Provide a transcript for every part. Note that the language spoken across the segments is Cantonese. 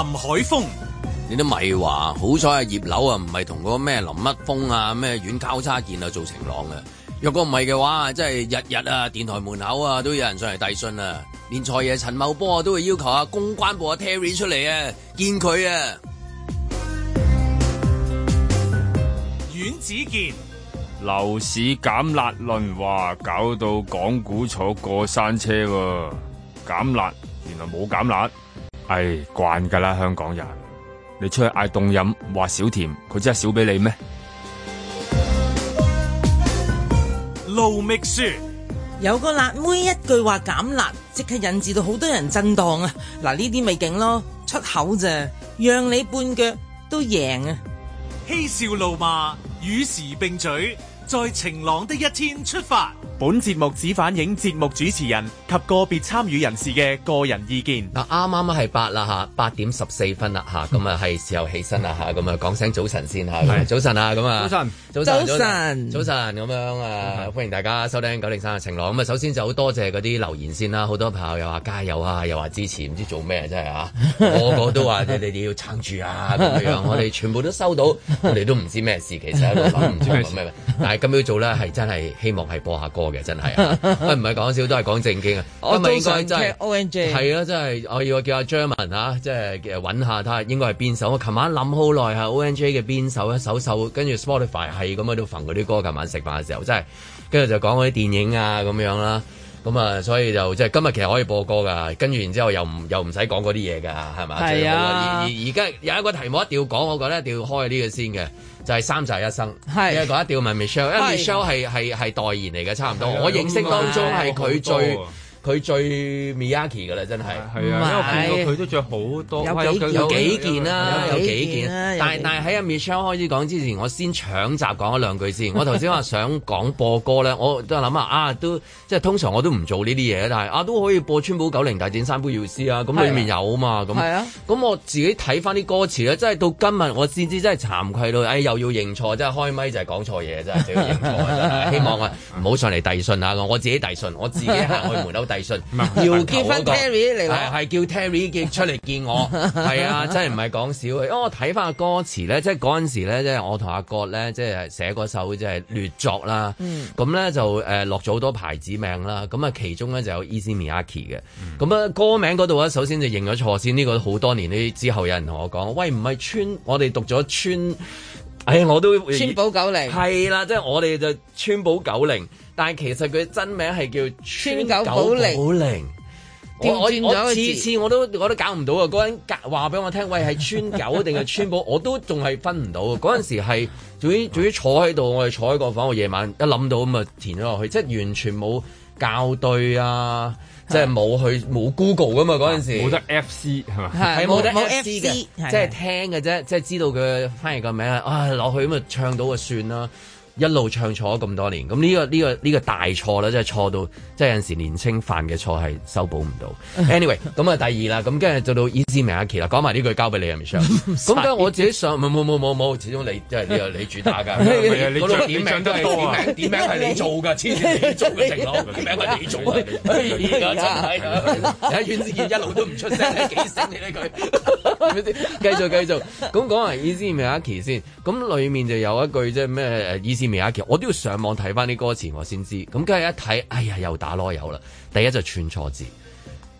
林海峰，你都咪話，好彩係葉劉啊，唔係同嗰咩林乜峰啊，咩院交叉健啊做情郎嘅。若果唔係嘅話，真係日日啊電台門口啊都有人上嚟遞信啊，連財爺陳茂波啊都會要求啊，公關部阿 Terry 出嚟啊見佢啊。阮子健，樓市減辣論話搞到港股坐過山車喎，減辣，原來冇減辣。哎，慣噶啦，香港人，你出去嗌凍飲，話少甜，佢真係少俾你咩？露蜜雪，有個辣妹一句話減辣，即係引致到好多人震蕩啊！嗱，呢啲咪勁咯，出口啫，讓你半腳都贏啊！嬉笑怒罵，與時並嘴。在晴朗的一天出發。本節目只反映節目主持人及個別參與人士嘅個人意見。剛剛是8。嗱，啱啱啊係八啦，嚇八點十四分啦，嚇咁啊係時候起身啦，嚇咁啊講聲早晨先嚇。 早晨啊，咁啊早晨，早晨，早晨，早晨咁樣啊， 歡迎大家收聽九零三嘅晴朗。咁啊，首先就好多謝嗰啲留言先啦，好多朋友又話加油啊，又話支持，唔知做咩真係啊，個 個都話你哋要撐住啊咁樣，我哋全部都收到，我哋都唔知咩事，其實都諗唔住講咩， 咁要做咧，係真係希望係播一下歌嘅，真係，唔係講笑，都係講正經啊！ 我都想即係 O N J 係啊，真係我要叫阿張文啊，即係搵下睇下應該係邊首。我琴晚諗好耐啊，O N J 嘅邊首一首首，跟住 Spotify 係咁喺度揈嗰啲歌。琴晚食飯嘅時候，真係，跟住就講嗰啲電影啊咁樣啦。咁啊，所以就即係、就是、今日其實可以播歌噶，跟住然之後又唔又唔使講嗰啲嘢噶，係咪？係啊。就是、而而家有一個題目一定要講，我覺得一定要開呢個先嘅。就係、是、三宅一生，係因為一定要問 Michelle，是因為 Michelle 係代言嚟嘅，差唔多、啊。我認識當中係佢、啊啊啊、最。佢最 Miyake 㗎啦，真係，係啊，因為我睇到佢都着好多，有幾件啦、哎，有幾件但係、啊、但係喺阿 Michelle 開始講之前，我先搶閘講咗兩句先。我頭先話想講播歌咧，我都諗下啊，都即係通常我都唔做呢啲嘢，但係啊都可以播《川普九零大戰三杯要絲》啊，咁裏面有啊嘛，咁，係啊，咁、啊、我自己睇翻啲歌詞咧，真係到今日我先知真係慚愧到，唉、哎、又要認錯，真係開咪就係講錯嘢，真係要認錯， 希望啊唔好上嚟遞信啊，我自己遞信，我自己行去門口遞。藝術要、那個、結婚，Terry 嚟話係叫 Terry 叫出嚟見我，係 啊，真係唔係講笑。因為我睇翻個歌詞咧，即係嗰陣時咧，即係我同阿郭咧，即係寫過首即係劣作啦。嗯，咁咧就誒落咗好多牌子名啦。咁啊，其中咧就有 Issey Miyake 嘅。咁、嗯、啊，那歌名嗰度啊，首先就認咗錯先。呢、這個好多年呢，之後有人同我講，喂，唔係村，我哋讀咗村，哎我都川久保玲係啦，即係我哋就川久保玲。但其實佢真名係叫川久保玲，我點講佢？次次我都我都搞唔到啊！嗰陣話俾我聽，喂係川九定係川保，我都仲係分唔到啊！嗰陣時係總之坐喺度，我哋坐喺個房，我夜晚一諗到咁啊填咗落去，即係完全冇校對啊！即係冇去冇 Google 㗎嘛嗰陣時，冇得 FC，係咪？係冇得 FC 嘅，即係聽嘅啫，即係知道佢翻譯個名啊落、哎、去咁啊唱到就算啦。一路唱錯咗咁多年，咁呢個呢個呢個大錯啦，即係錯到，即係有陣時年青犯嘅錯係修補唔到。Anyway，咁啊第二啦，咁跟住做到伊思明阿琪啦，講埋呢句交俾你啊 Michelle。咁 我自己上，冇冇冇冇，始終你即係呢個你主打㗎， 你攞點名都係點名，點名係你做㗎，千祈做嘅情況，名係你做㗎。呢個真係，睇袁子健一路都唔出聲，幾星你呢句？ 係咪先？繼續繼續，咁講完《愛思未阿奇》先，咁裏面就有一句即係咩？《伊思未阿奇》，我都要上網睇翻啲歌詞我先知。咁梗係一睇，哎呀，又打攞油啦！第一就串錯字。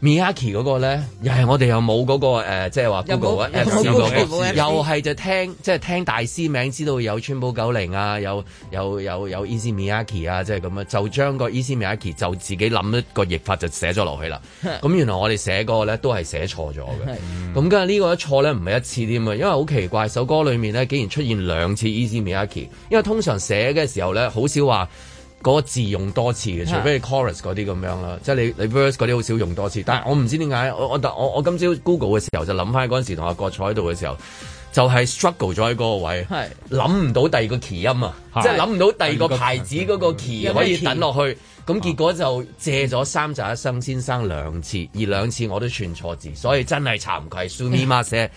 Miyake 嗰個呢，又係我哋又冇嗰個誒，即係話 Google 啊，Apps 嗰個 Apps，又係就聽即係、即係、聽大師名，知道有川久保玲啊，有有有 Issey Miyake 啊，即係咁啊，就係咁樣就將個 Issey Miyake 就自己諗一個譯法就寫咗落去啦。咁 原來我哋寫嗰個呢，都係寫錯咗嘅。咁跟住呢個一錯呢，唔係一次添啊，因為好奇怪首歌裡面呢，竟然出現兩次 Issey Miyake，因為通常寫嘅時候呢，好少話，嗰個字用多次嘅，除非你 chorus 嗰啲咁樣啦，即係你你 verse 嗰啲好少用多次。但係我唔知點解，我我我，我今朝 google 嘅時候就諗翻嗰陣時同阿郭坐喺度嘅時候，就係、就是、struggle 咗喺嗰個位，諗唔到第二個 key 音啊，即係諗唔到第二個牌子嗰個 key 可以等落去。咁結果就借咗三一生先生兩次，嗯、而兩次我都串錯字，所以真係慚愧。Sumimasen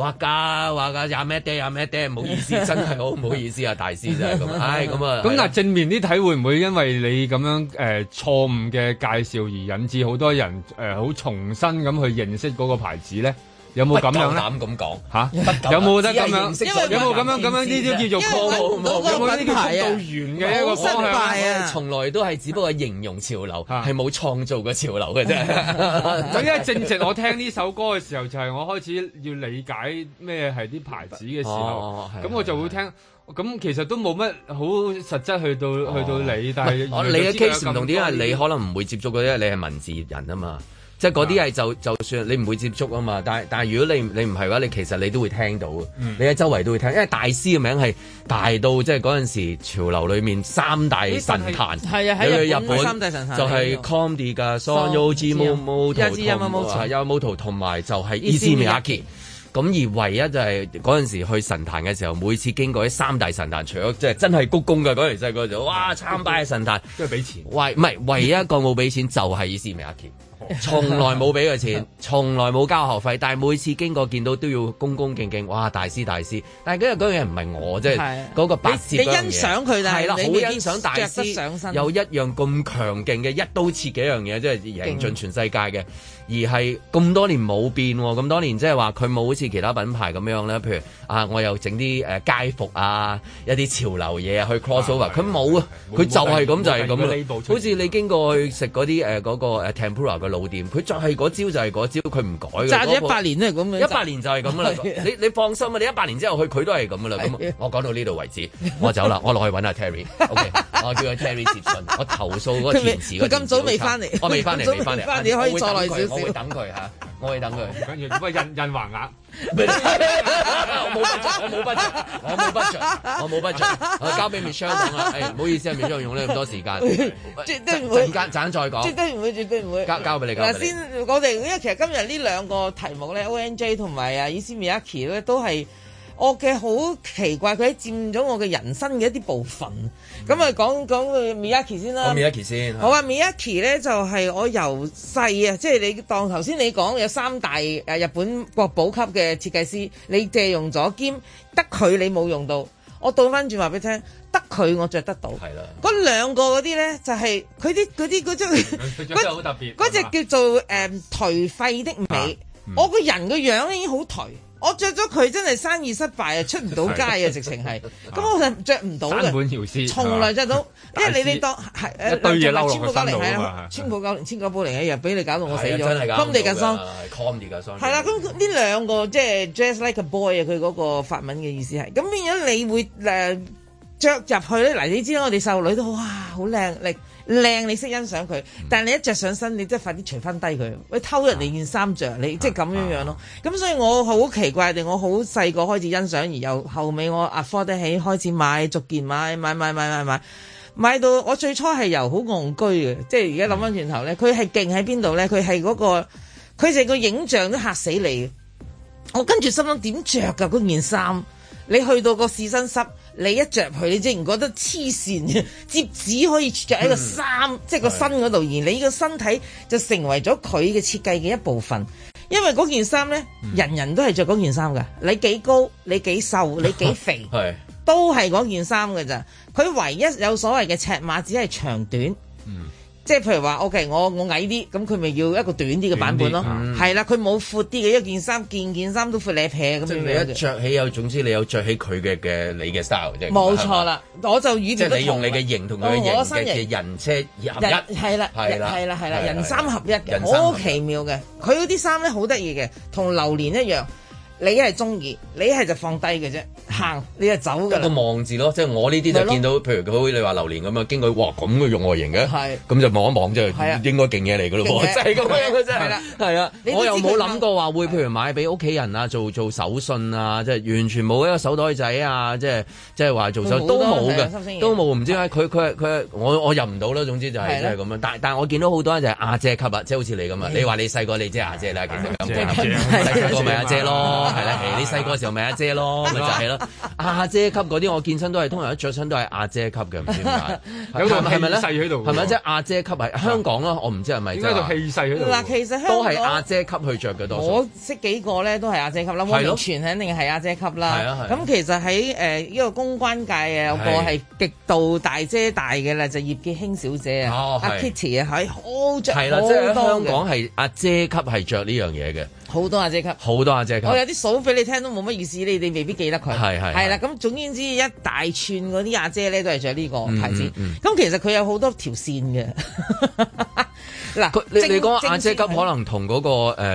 話噶話噶有咩爹有咩爹，唔好意思，真係好唔好意思啊，大師就係咁，唉咁啊。咁但係正面啲睇會唔會因為你咁樣誒、呃、錯誤嘅介紹而引致好多人誒好、呃、重新咁去認識嗰個牌子咧？有冇咁樣不夠膽咁講、啊啊、有冇得咁樣？有冇咁樣咁樣啲叫做破壞性？啲、啊、叫做度嘅一個方向，啊、從來都係只不過形容潮流，係、啊、冇創造過潮流嘅啫。咁因為正值我聽呢首歌嘅時候，就係、是、我開始要理解咩係啲牌子嘅時候，咁、哦、我就會聽。咁其實都冇乜好實質去到、哦、去到你，啊、但係哦，你嘅 case 唔同點解你可能唔會接觸嗰啲、啊，你係文字人啊嘛。即係嗰啲係就就算你唔會接觸啊嘛，但係但係如果你你唔係嘅話，你其實你都會聽到，你喺周圍都會聽，因為大師嘅名係大到，即係嗰陣時潮流裏面三大神壇係啊，喺日本三大神壇，神壇就係 Kamdi 嘅 Suzuki Yamuoto 啊，Yamuoto 同埋就係 Isami Aki。咁而唯一就係嗰陣時去神壇嘅時候，每次經過啲三大神壇，除咗即係真係鞠躬嘅嗰啲細哥就哇參拜神壇，即係俾錢，唯唔係唯一一個冇俾錢就係 Isami Aki 從 來冇俾佢錢，從來冇交學費，但係每次經過見到都要恭恭敬敬，哇！大師大師，但係、那、嗰個嗰樣嘢唔係我，即係嗰個白色嘅嘢，係啦，好欣賞、就是、大師，有一樣咁強勁嘅一刀切幾樣嘢，即係贏盡全世界嘅。而係咁多年冇變喎，咁多年即係話佢冇好似其他品牌咁樣咧，譬如啊，我又整啲誒街服啊，一啲潮流嘢去 cross over，佢冇啊，佢就係咁，就係咁。好似你經過去食嗰啲誒嗰個 tempura 嘅老店，佢就係嗰招就係嗰招，佢唔改嘅，就一百年都係咁嘅，一百年就係咁啦。你你放心啊，你一百年之後去佢都係咁噶啦。咁我講到呢度為止，我走啦，我落去揾阿 Terry。 Okay, 我叫佢 Terry 接信，我投訴嗰個填詞嗰個，佢咁早未翻嚟，我未翻嚟未翻嚟。你可以再耐少少，我會等佢嚇、 啊，我會等佢。跟住唔係印印橫額。我冇不準，我冇不準，我冇不準，我冇不準。我不準，我不準，我交俾 Michelle 講啦。哎，唔好意思啊，Michelle 用咗咁多時間。 絕對唔會。陣間再講。絕對唔會，絕對唔會。交交俾你講。嗱，先我哋，因為其實今日呢兩個題目咧，ONJ 同埋啊，Issey Miyake 咧都係。我嘅好奇怪，佢喺佔咗我嘅人生嘅一啲部分。咁啊，講講 Miyaki 先啦。先嗯、Miyaki 先。好、嗯、啊，Miyaki 咧就係、是、我由細啊，即、就、係、是、你當頭先你講有三大日本國寶級嘅設計師，你借用咗兼得佢，你冇用到。我倒翻轉話俾你聽，得佢我著得到。係啦。嗰兩個嗰啲咧就係佢啲嗰啲嗰張，嗰隻好 特別。嗰 隻叫做誒頹廢的美。啊嗯、我個人嘅樣已經好頹。我着咗佢真係生意失敗 啊，出唔到街啊，直情係。咁我就着唔到嘅，從來着到， 因為你哋當係誒。一堆嘢攬落去身度啊！千步夠，千九步零一日俾你搞到我死咗。康你緊身，係啦，咁呢兩個即係 just like a boy 啊，佢嗰個法文嘅意思係。咁變咗你會誒著入去咧？嗱，你知我哋細路女都哇好靚力。靚你識欣賞佢，但你一着上身，你即係快啲除翻低佢。喂，偷人哋件衫着。你即係咁樣樣咯。咁、啊啊、所以我好奇怪地，我好細個開始欣賞，而由後尾我 afford 起開始買，逐件買，買買買買買，買到我最初係由好戇居嘅，即係而家諗翻轉頭、嗯、呢，佢係勁喺邊度呢？佢係嗰個，佢成個影像都嚇死你。我跟住心諗點着㗎嗰件衫？你去到個試身室。你一着佢，你自然覺得黐線嘅，接住可以着喺個衫，嗯，即係個身嗰度，而你個身體就成為咗佢嘅設計嘅一部分。因為嗰件衫呢，嗯，人人都係着嗰件衫噶，你幾高，你幾瘦，你幾肥， 都係嗰件衫㗎咋。佢唯一有所謂嘅尺碼，只係長短。嗯即係譬如話，OK，我我矮啲，咁佢咪要一個短啲嘅版本咯，係啦，佢、嗯、冇闊啲嘅、這個、一件衫，件件衫都闊你皮咁，你係你著起有總之你有著起佢嘅嘅你嘅 style 冇錯啦，我就已經即係你用你嘅形同佢嘅形嘅人車二合一，係啦，係啦，係啦，係啦，人三合一嘅，好奇妙嘅，佢嗰啲衫咧好得意嘅，同榴蓮一樣。你係中意，你係就放低嘅啫，行你係走噶啦。一個望字咯，即係我呢啲就見到，譬如佢好似你話榴蓮咁樣，經過哇咁嘅用外形嘅，咁就望一望啫。係啊，應該勁嘢嚟嘅咯，真係咁樣嘅真係。係啦、啊，啊啊、我又冇諗過話會、啊、譬如買俾屋企人啊，做做手信啊，即係完全冇一個手袋仔、就是、手是啊，即係即係話做手都冇嘅，都冇唔知點解佢佢佢我我入唔到啦，總之就係即係咁樣。但但係我見到好多人就係阿姐級啊，即係好似你咁啊，你話你細個你即係阿姐啦，其實咪阿姐咯。係、啊、啦、啊，你細個時候咪阿姐咯，咪、啊啊、就係、是、咯，阿姐級嗰啲我見身都係，通常着身都係阿姐級嘅，唔知點解。 有套氣勢喺度，係咪即係阿姐級喺香港咯？ 我唔知係咪。點解就氣勢喺度？嗱，其實香港都係阿姐級去着嘅多。我識幾個咧，都係阿姐級啦。完全肯定係阿姐級啦。咁其實喺誒呢個公關界啊，有個係極度大姐大嘅啦，就葉潔馨小姐啊，阿 Kitty 啊，係好着。係啦，即係香港係阿、啊、姐級係着呢樣嘢嘅。好多阿姐級，好多阿姐級。我有啲數俾你聽都冇乜意思，你哋未必記得佢。係係。係啦，咁總言之，一大串嗰啲阿姐咧都係着呢個牌子。咁、嗯嗯嗯、其實佢有好多條線嘅。嗱， 你你講阿姐級可能同嗰個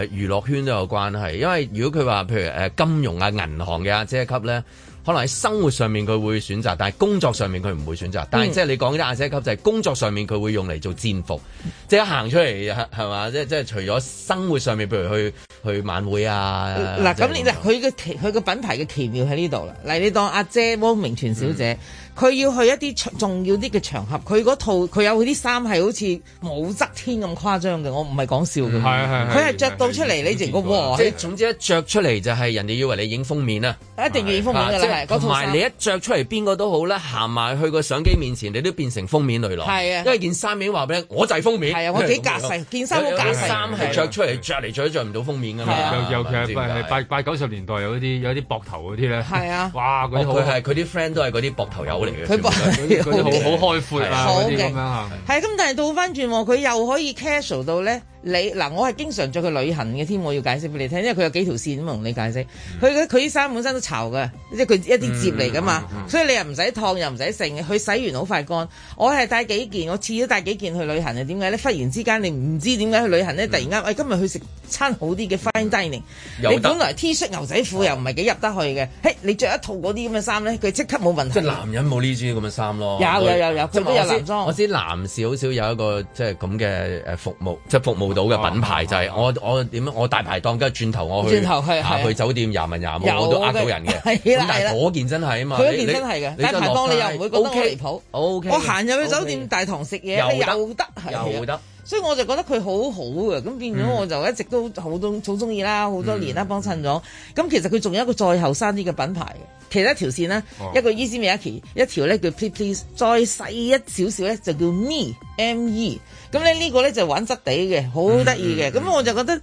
娛樂圈都有關係，因為如果佢話譬如金融啊、銀行嘅阿姐級咧。可能喺生活上面佢會選擇，但係工作上面佢唔會選擇。但係即係你講啲阿姐級就係、是、工作上面佢會用嚟做戰服，即係行出嚟係嘛？即係即係除咗生活上面，譬如去去晚會啊。嗱咁你，嗱、就是，佢嘅佢嘅品牌嘅奇妙喺呢度啦。嗱，你當阿姐汪明荃小姐。嗯佢要去一啲重要啲嘅場合，佢嗰套佢有嗰啲衫係好似武則天咁誇張嘅，我唔係講笑嘅。佢係着到出嚟、嗯，你淨係個即係總之一着出嚟就係人哋以為你影封面啦。一定影封面㗎啦，嗰套衫，同埋你一着出嚟，邊個都好啦，行埋去個相機面前，你都變成封面女郎。係啊，啊，因為件衫已經話俾你，我就係封面。係啊，啊，我幾架勢，件衫好架勢。着、啊、出嚟着嚟着都著唔到封面㗎嘛。尤、啊啊、其係八八九十年代有啲有啲膊頭嗰啲咧。係啊，哇！佢係佢啲 friend 都係嗰啲膊頭友。佢佢好好開闊，啊，嗰啲咁樣係咁，但係倒翻轉，佢又可以 casual 到咧。你嗱，我係經常着去旅行嘅添，我要解釋俾你聽，因為佢有幾條線啊，同你解釋。佢佢啲衫本身都潮嘅，即係佢一啲摺嚟㗎嘛、嗯嗯嗯，所以你又唔使燙，又唔使剩，佢洗完好快乾。我係帶幾件，我次都帶幾件去旅行嘅。點解咧？忽然之間你唔知點解去旅行咧、嗯，突然間，喂、哎，今日去食餐好啲嘅 fine dining，你本來 T 恤牛仔褲又唔係幾入得去嘅，hey, 你着一套嗰啲咁嘅衫咧，佢、嗯、即刻冇問題。即係男人冇呢啲咁嘅衫咯。有有有有，佢都有男裝。我知道，我知道男士好少有一個即係咁嘅服務，即、就係、服務。到、啊、嘅品牌就係我、啊、我點樣？我大排檔跟住轉頭，我去，轉頭去，、啊啊、去酒店廿文廿文我都呃到人嘅。咁、啊、但係嗰件真係啊嘛，嗰件、啊啊啊、真係嘅。大排檔你又唔會覺得離譜。Okay, okay, 我行入去酒店、okay、大堂食嘢、okay，又、啊、又得係。所以我就覺得佢好好嘅，咁變咗我就一直都好都好鍾意啦，好、mm-hmm. 多年啦幫襯咗。咁其實佢仲有一個再後生啲嘅品牌嘅，其實一條線呢，oh. 一個 Issey Miyake 一條咧叫 Pleats Please 再細一少少咧就叫 Me M E。咁咧呢個咧就是、玩質地嘅，好得意嘅。咁、mm-hmm. 我就覺得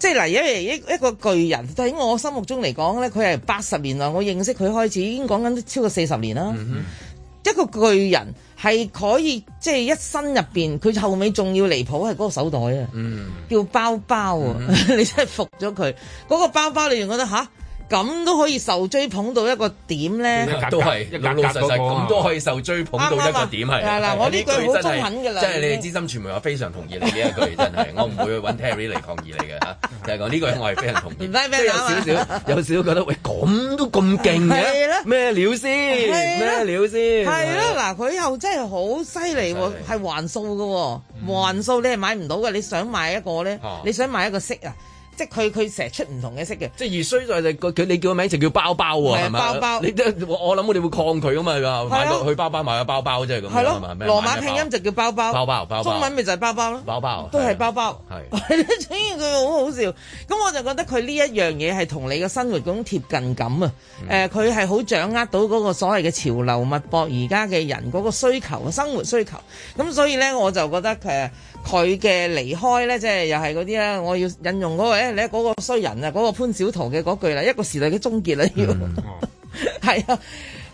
即係嗱，因為一一個巨人就喺我心目中嚟講咧，佢係八十年代，我認識佢開始已經講緊超過四十年啦。Mm-hmm. 一個巨人。係可以即係、就是、一身入面，佢後尾仲要離譜係嗰個手袋啊，mm-hmm. 叫包包啊，mm-hmm. 你真係服咗佢嗰個包包，你仲覺得吓？咁都可以受追捧到一個點咧？都係一，格格一老實講，咁都可以受追捧到一個點係。啦我呢句好忠肯噶啦。真係，真係你哋資深傳媒，我非常同意你呢一句， 真係。我唔會去搵 Terry 嚟抗議你嘅就係講呢句， 啊啊這個、我係非常同意。唔係咩？有少少，有少覺得喂，咁都咁勁嘅。咩料先？咩料先？係、啊啊啊啊啊、啦，嗱，佢又真係好犀利喎，係、啊啊啊、還數㗎喎、嗯，還數你係買唔到嘅。你想買一個咧、啊？你想買一個色啊？即係佢佢成日出唔同嘅色嘅，即係衰需就佢、是、你叫個名就叫包包喎、啊，係、啊、包包，你我諗我哋會抗拒嘛啊嘛，去包包買個包包啫，咁係咯。羅馬拼音就叫包包，包包，包，包中文咪就係包包咯，包包都係包包。係、啊，係咧，總佢好好笑。咁我就覺得佢呢一樣嘢係同你嘅生活嗰種貼近感啊。誒，佢係好掌握到嗰個所謂嘅潮流脈搏，而家嘅人嗰個需求生活需求。咁所以咧，我就覺得佢嘅離開咧，即、就、係、是、又係嗰啲啦。我要引用嗰、那個。你、那、嗰個衰人啊，嗰、那個潘小桃嘅嗰句啦，一個時代嘅終結啦，要、嗯、係 啊。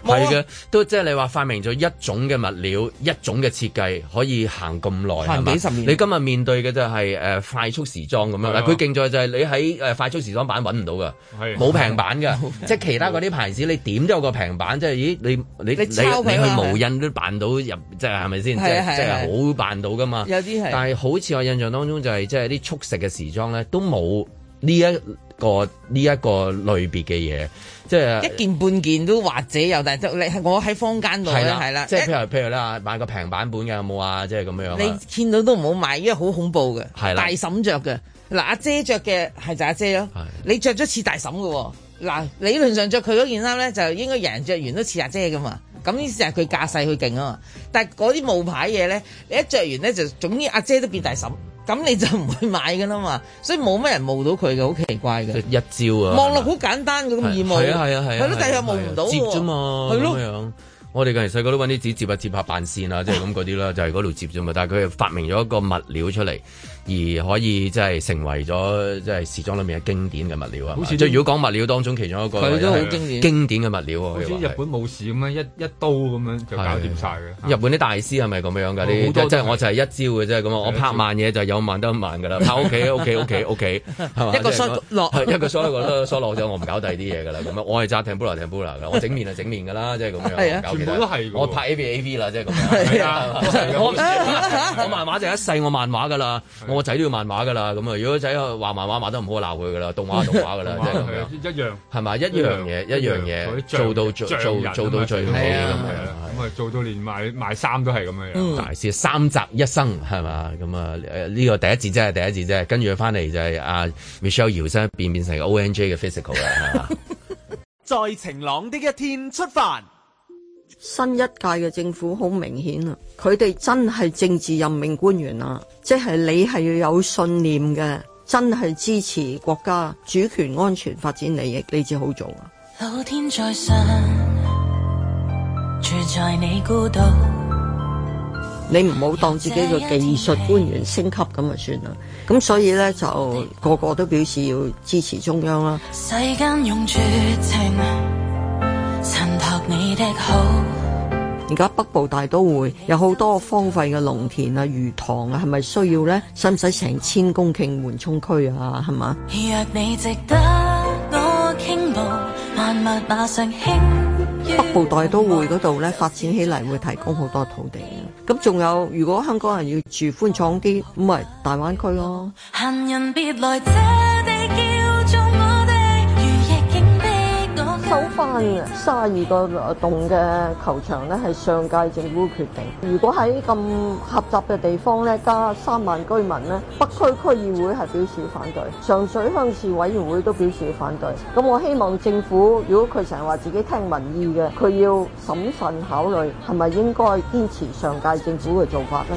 係、哦、嘅，都即係你話發明咗一種嘅物料，一種嘅設計可以行咁耐幾十年。你今日面對嘅就係、是呃、快速時裝咁樣，嗱，佢勁在就係你喺快速時裝版揾唔到噶，冇、啊、平板㗎。 即係其他嗰啲牌子你點都有個平板，即係咦你你你你，你去無印都扮到入，即係係咪先？即係好扮到噶嘛。有啲係，但係好似我印象當中就係、是、即係啲速食嘅時裝咧，都冇呢一。個呢一個類別嘅嘢，即係一件半件都或者有大，但係你我喺坊間度咧，係啦，即係譬如譬如啦，買個平版本嘅有冇啊？即係咁樣。你見到都唔好買，因為好恐怖嘅，大嬸著嘅嗱，阿、啊、姐著嘅係就阿、啊、姐咯。你著咗似大嬸嘅喎、哦，嗱、啊、理論上著佢嗰件衫咧，就應該人人著完都似阿姐噶嘛。咁意思就係佢架勢佢勁啊嘛。但係嗰啲冒牌嘢咧，你一著完咧就總之阿、啊、姐都變大嬸。嗯咁你就唔會買㗎啦嘛，所以冇乜人望到佢嘅，好奇怪嘅。一招啊！望落好簡單㗎。咁易望，係啊係啊係啊，啊，啊，但係又望唔到、啊。接啫嘛，係咯、啊。我哋近年細個都搵啲紙接下接下辦線啊，即係咁嗰啲啦，就係嗰度接啫嘛。 但係佢發明咗一個物料出嚟。而可以即係、即係、成為咗即係時裝裏面嘅經典嘅物料啊！即係如果講物料當中其中一個，係都好經典。經典嘅物料啊！好似日本武士咁樣，一一刀咁樣就搞掂晒嘅。日本啲大師係咪咁樣㗎？啲即係我就係一招嘅啫，咁我拍慢嘢就有慢得慢㗎啦，拍屋企屋企屋企屋企，一個摔 這 一個摔 一個摔落咗，我唔搞第二啲嘢㗎啦。咁我係揸 Tempo 啦 Tempo 啦㗎，我整麵就整麵㗎啦，即係咁樣。我拍 AV AV 啦，即係咁。係啊！我漫畫就一世我漫畫㗎啦。我仔都要漫畫噶啦，咁啊！如果仔話漫畫畫都唔好，我鬧佢噶啦。動畫動畫噶啦， 一樣係咪？一樣嘢一樣嘢，做到最做做到最好咁。啊，啊，啊，啊，啊做到連賣賣衫都係咁樣樣、嗯。大師三集一生係咪？咁啊誒呢個第一真啫、就是，第一字啫、就是。跟住翻嚟就係阿、啊、 Michelle 搖身一變變成 O N J 嘅 Physical 啦。在晴朗的一天出發。新一屆嘅政府好明顯啊，佢哋真係政治任命官員啊，即係你係要有信念嘅，真係支持國家主權、安全、發展利益，你至好做啊。老天在上，住在你孤獨，你唔好當自己個技術官員升級咁就算啦。咁所以咧就個個都表示要支持中央啦。世間用絕情。而家北部大都會有好多荒廢嘅農田啊、魚塘啊，係咪需要咧？使唔使成千公頃緩衝區啊？係嘛？北部大都會嗰度咧發展起嚟，會提供好多土地嘅。咁仲有，如果香港人要住寬敞啲，咁咪大灣區咯。收翻卅二個洞嘅球場呢，係上屆政府決定。如果喺咁狹窄嘅地方呢，加三萬居民呢，北區區議會係表示反對，上水鄉事委員會都表示反對。咁我希望政府，如果佢成日話自己聽民意嘅，佢要審慎考慮係咪應該堅持上屆政府嘅做法呢。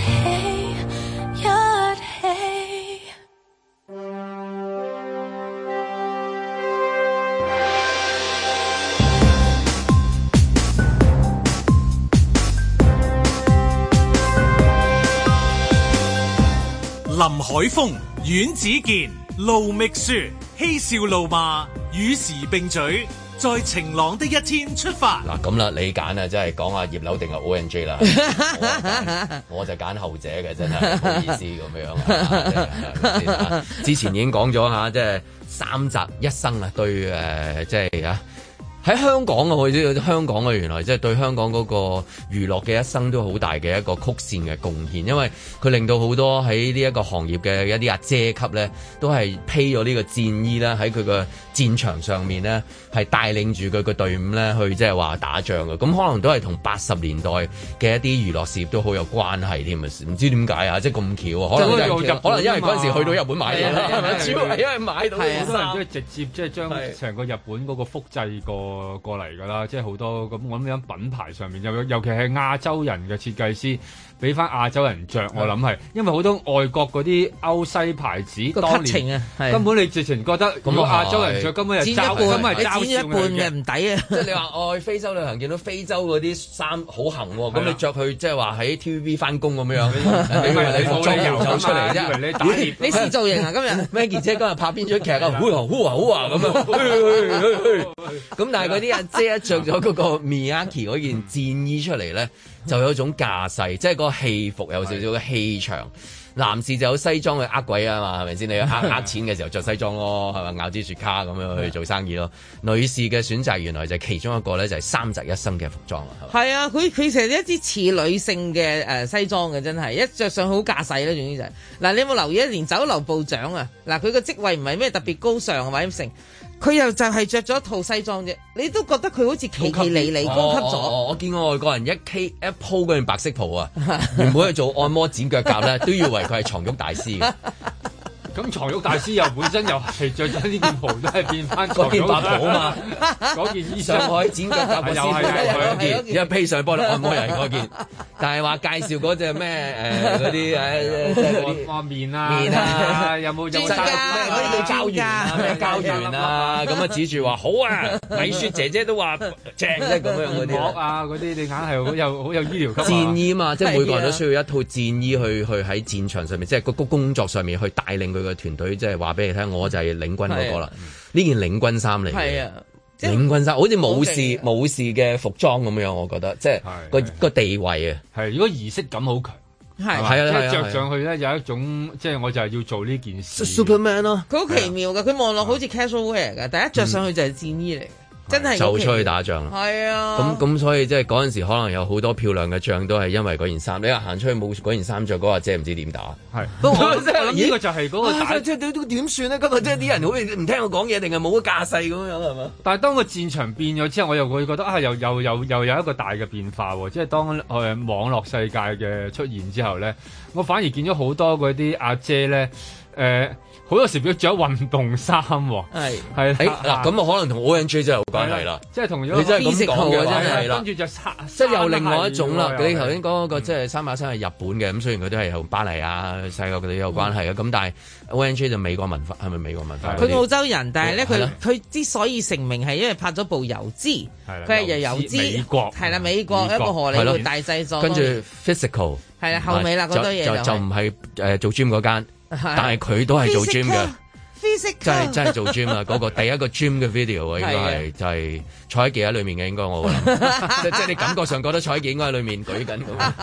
林海峰、阮子健、盧覓雪，嬉笑怒罵，與時並舉，在晴朗的一天出發。嗱，咁啦，你揀啊，即係講下葉柳定係 ONJ 啦，我就揀後者嘅真係，唔好意思咁樣。之前已經講咗吓，即係三宅一生啊，對誒，即係啊。喺香港啊，我知道香港啊，原來即係對香港嗰個娛樂嘅一生都好大嘅一個曲線嘅貢獻，因為佢令到好多喺呢一個行業嘅一啲阿姐級咧，都係披咗呢個戰衣啦，喺佢個戰場上面咧，係帶領住佢個隊伍咧去即係話打仗嘅咁、嗯、可能都係同八十年代嘅一啲娛樂事業都好有關係添啊！唔知點解啊，即係咁巧啊、就是就是，可能因為嗰陣時去到日本買嘢啦，主要係因為買到，到，可能即係直接即係將成個日本嗰個複製過。過過嚟㗎啦，即係好多咁，我諗品牌上面又尤其係亞洲人嘅設計師。俾翻亞洲人着，我諗係，因為好多外國嗰啲歐西牌子，當年，啊，根本你直情覺得咁果亞洲人着根本係賺一半，唔係你賺一半嘅唔抵啊！即係你話哦，去非洲旅行見到非洲嗰啲衫好行喎，哦，咁你着佢即係話喺 TVB 翻工咁樣，你做油走出嚟啫！你試造型啊，今日 Maggie 姐今日拍邊出劇啊 w h 咁啊！咁但係嗰啲阿姐係著咗嗰個 Maggie 嗰件戰衣出嚟咧。啊就有一種架勢，即係個戲服有少少嘅氣場。男士就有西裝去呃鬼啊嘛，係咪先？你呃呃錢嘅時候着西裝咯，係 咪咬支雪卡咁樣去做生意咯？女士嘅選擇原來就係其中一個咧，就係、是、三宅一生嘅服裝啦。係啊，佢佢成日一支似女性嘅誒西裝嘅，真係一着上好架勢咧。總之就嗱、是，你有冇留意連酒樓部長啊，嗱，佢個職位唔係咩特別高尚啊，係咪？影成。佢又就係着咗套西裝啫，你都覺得佢好似奇奇離離、哦、高級咗、哦。我見過外國人一 K Apple 嗰件白色袍啊， 原本係做按摩剪腳甲咧，都以為佢係藏玉大師。咁藏玉大師又本身又係着咗呢件，都件袍都係變翻件白袍啊嘛。嗰 件衣裳我喺剪腳甲，我 又係嗰、啊、件，一披上幫你按摩又係嗰件。但係話介紹嗰隻咩誒嗰啲誒即係嗰方面啊，有冇有咩嗰啲叫膠原啊，咩膠原啊？咁、啊啊、樣指住話 好啊！米雪姐姐都話正啫，咁樣啲啊，啲你硬係好有好有醫療級、啊、戰衣嘛，即、就、係、是、每個人都需要一套戰衣去去喺戰場上面，即係個個工作上面去帶領佢嘅團隊即係話俾你聽，我就係領軍嗰個啦。呢件領軍衫嚟。領軍衫好似武士、武士嘅服裝咁樣，我覺得即係個係個地位啊。係如果儀式感好強，係係啊，即係著上去咧、啊、有一種即係、就係、我就係要做呢件事。Superman 咯、啊，佢好奇妙嘅，佢望落好似 casual wear 嘅，但一着上去就係戰衣嚟。嗯。走出去打仗係啊，咁咁所以即係嗰陣時可能有好多漂亮嘅將都係因為嗰件衫，你話行出去冇嗰件衫着，嗰、那個阿姐唔知點打，係。我諗呢 我想 個就係嗰個打、欸啊。即係點算咧？今日即係啲人好似唔聽我講嘢，定係冇架勢咁樣係嘛？但係當個戰場變咗之後，我又會覺得啊，又又又又有一個大嘅變化喎、哦，即係當誒、呃、網絡世界嘅出現之後咧，我反而見咗好多嗰啲阿姐咧，誒、呃。好多時佢着運動衫喎，係係嗱咁啊，啊可能同 ONJ 真係有關係啦，即係同咗你真係 s i 真係啦，跟住就三，即係有另外一種啦。你頭先講嗰個即係三把三係日本嘅。咁雖然佢都係同巴黎啊、嗯、世界嗰啲有關係嘅，咁但係 ONJ 就美國文化，係咪美國文化？佢澳洲人，但係咧佢佢之所以成名係因為拍咗部油脂，佢係由油脂美國係啦，美國一個荷里活大製作，跟住 physical 係啦，後尾啦嗰堆嘢就就唔係誒做 gym 嗰間。但係佢都係做 gym 嘅，即係即係做 gym 啊！嗰個第一個 gym 嘅 video 應該係就係、是、坐喺件喺裡面嘅，應該我覺得 即係你感覺上覺得坐喺該喺裡面舉緊咁啊！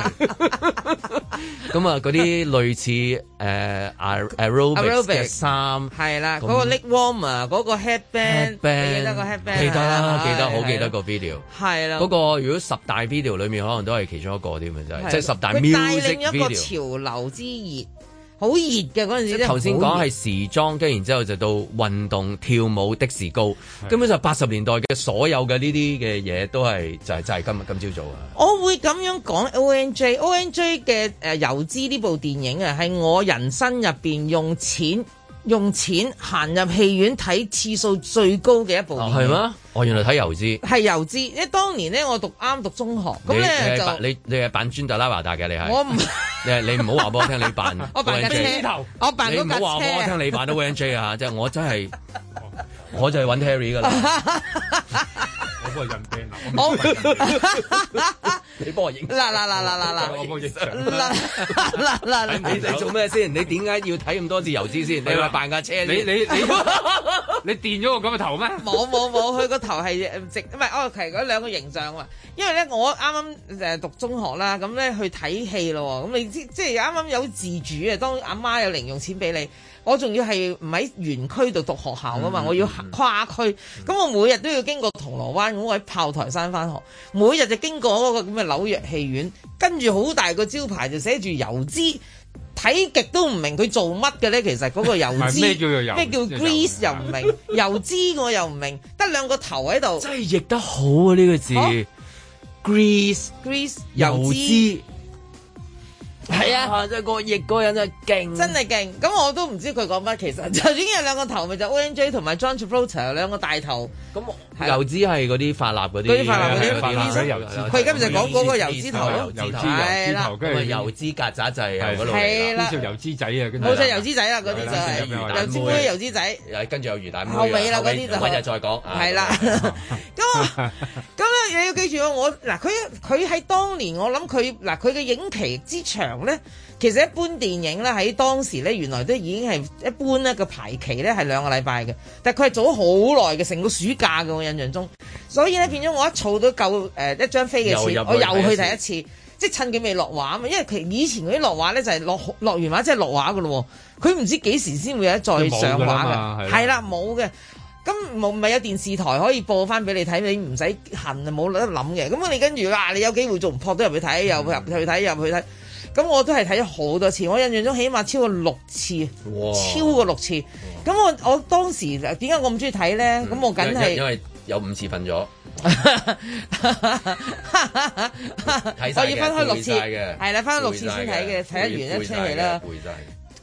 咁啊，嗰啲類似誒 aerobics 嘅衫係啦，嗰、uh, 那個 leg warmer，嗰個 headband，band headband, 記得個 headband，記得啦，記得好記得個 video 係啦。嗰、那個如果十大 video 裡面可能都係其中一個添嘅，就係即係十大 music video。帶領一個潮流之熱。好熱嘅嗰陣時，頭先講係時裝，跟然之後就到運動、跳舞、的士高，根本上八十年代嘅所有嘅呢啲嘅嘢都係就係就係今日今朝早啊！我會咁樣講 O N J O N J 嘅誒遊資呢部電影啊，係我人生入邊用錢，用錢行入戲院睇次數最高嘅一部戲，係、哦、咩？我原來睇油脂，係油脂。因為，當年咧，我讀啱讀中學，咁咧你、呃、你係扮尊特拉華達嘅，你係我唔你 你唔好話俾我聽你扮， 我扮架，我扮你唔好話我聽 你扮都到 W N J 啊， 即係我真係我就係揾 Harry 噶啦。我， 你幫我影。嗱嗱嗱嗱嗱嗱， 我影相嗱嗱嗱，你你做咩先？你點解要睇咁多次油脂先？你話扮架車？ 你你你你電咗我咁嘅頭咩？冇冇冇，佢個頭係直，唔係，哦，其實嗰兩個形象啊。因為咧，我啱啱誒讀中學啦，咁咧去睇戲咯。咁你即係啱啱有自主啊，當阿媽，媽有零用錢俾你。我仲要係唔喺園區度讀學校啊嘛，我要跨區，咁、嗯、我每日都要經過銅鑼灣，我喺炮台山翻學，每日就經過嗰個咁嘅紐約戲院，跟住好大個招牌就寫住油脂，睇極都唔明佢做乜嘅咧。其實嗰個油脂，咩叫油脂？咩叫 Grease？咩叫 Grease 又唔明，油脂我又唔明，得兩個頭喺度。真係譯得好啊！呢、呢個字、啊、Grease Grease 油脂。油脂係啊，即係個亦個人就勁，真係勁。咁我都唔知佢講乜，其實就已經有兩個頭咪就 O N J 同埋 John Travolta 兩個大頭。咁油脂係嗰啲髮蠟嗰啲，髮蠟嗰啲油脂。佢今日就講嗰個油脂頭咯，係啦。跟住油脂曱甴就啊，嗰度，冇錯油脂仔啊，跟住冇油脂仔啦，嗰啲就係油脂妹、油脂仔。跟住有魚蛋妹。後尾啦，嗰啲就，後尾揾日再講。係啦，咁咁你要記住我，嗱佢佢喺當年我諗佢嗱佢嘅影期之長。咧，其實一般電影咧喺當時咧，原來都已經係一般咧個排期咧係兩個禮拜嘅。但佢係做咗好耐嘅，成個暑假嘅。我印象中，所以咧變咗我一儲到夠誒、呃、一張飛嘅錢，我又去睇一次，即係趁佢未落畫啊嘛。因為佢以前嗰啲落畫咧就係、係、落落完畫即係落畫嘅咯。佢唔知幾時先會有得再上畫嘅，係啦冇嘅。咁冇唔係有電視台可以播翻俾你睇，你唔使恨冇得諗嘅。咁你跟住嗱，你有機會做唔撲都入去睇，又入去睇，入去睇。嗯嗯嗯嗯嗯嗯嗯咁我都係睇咗好多次，我印象中起碼超過六次，超過六次。咁我我當時點解我咁中意睇咧？咁、嗯、我梗係因，因為有五次瞓咗， 我要分開六次，係啦，分開六次先睇嘅，睇完一出戲啦。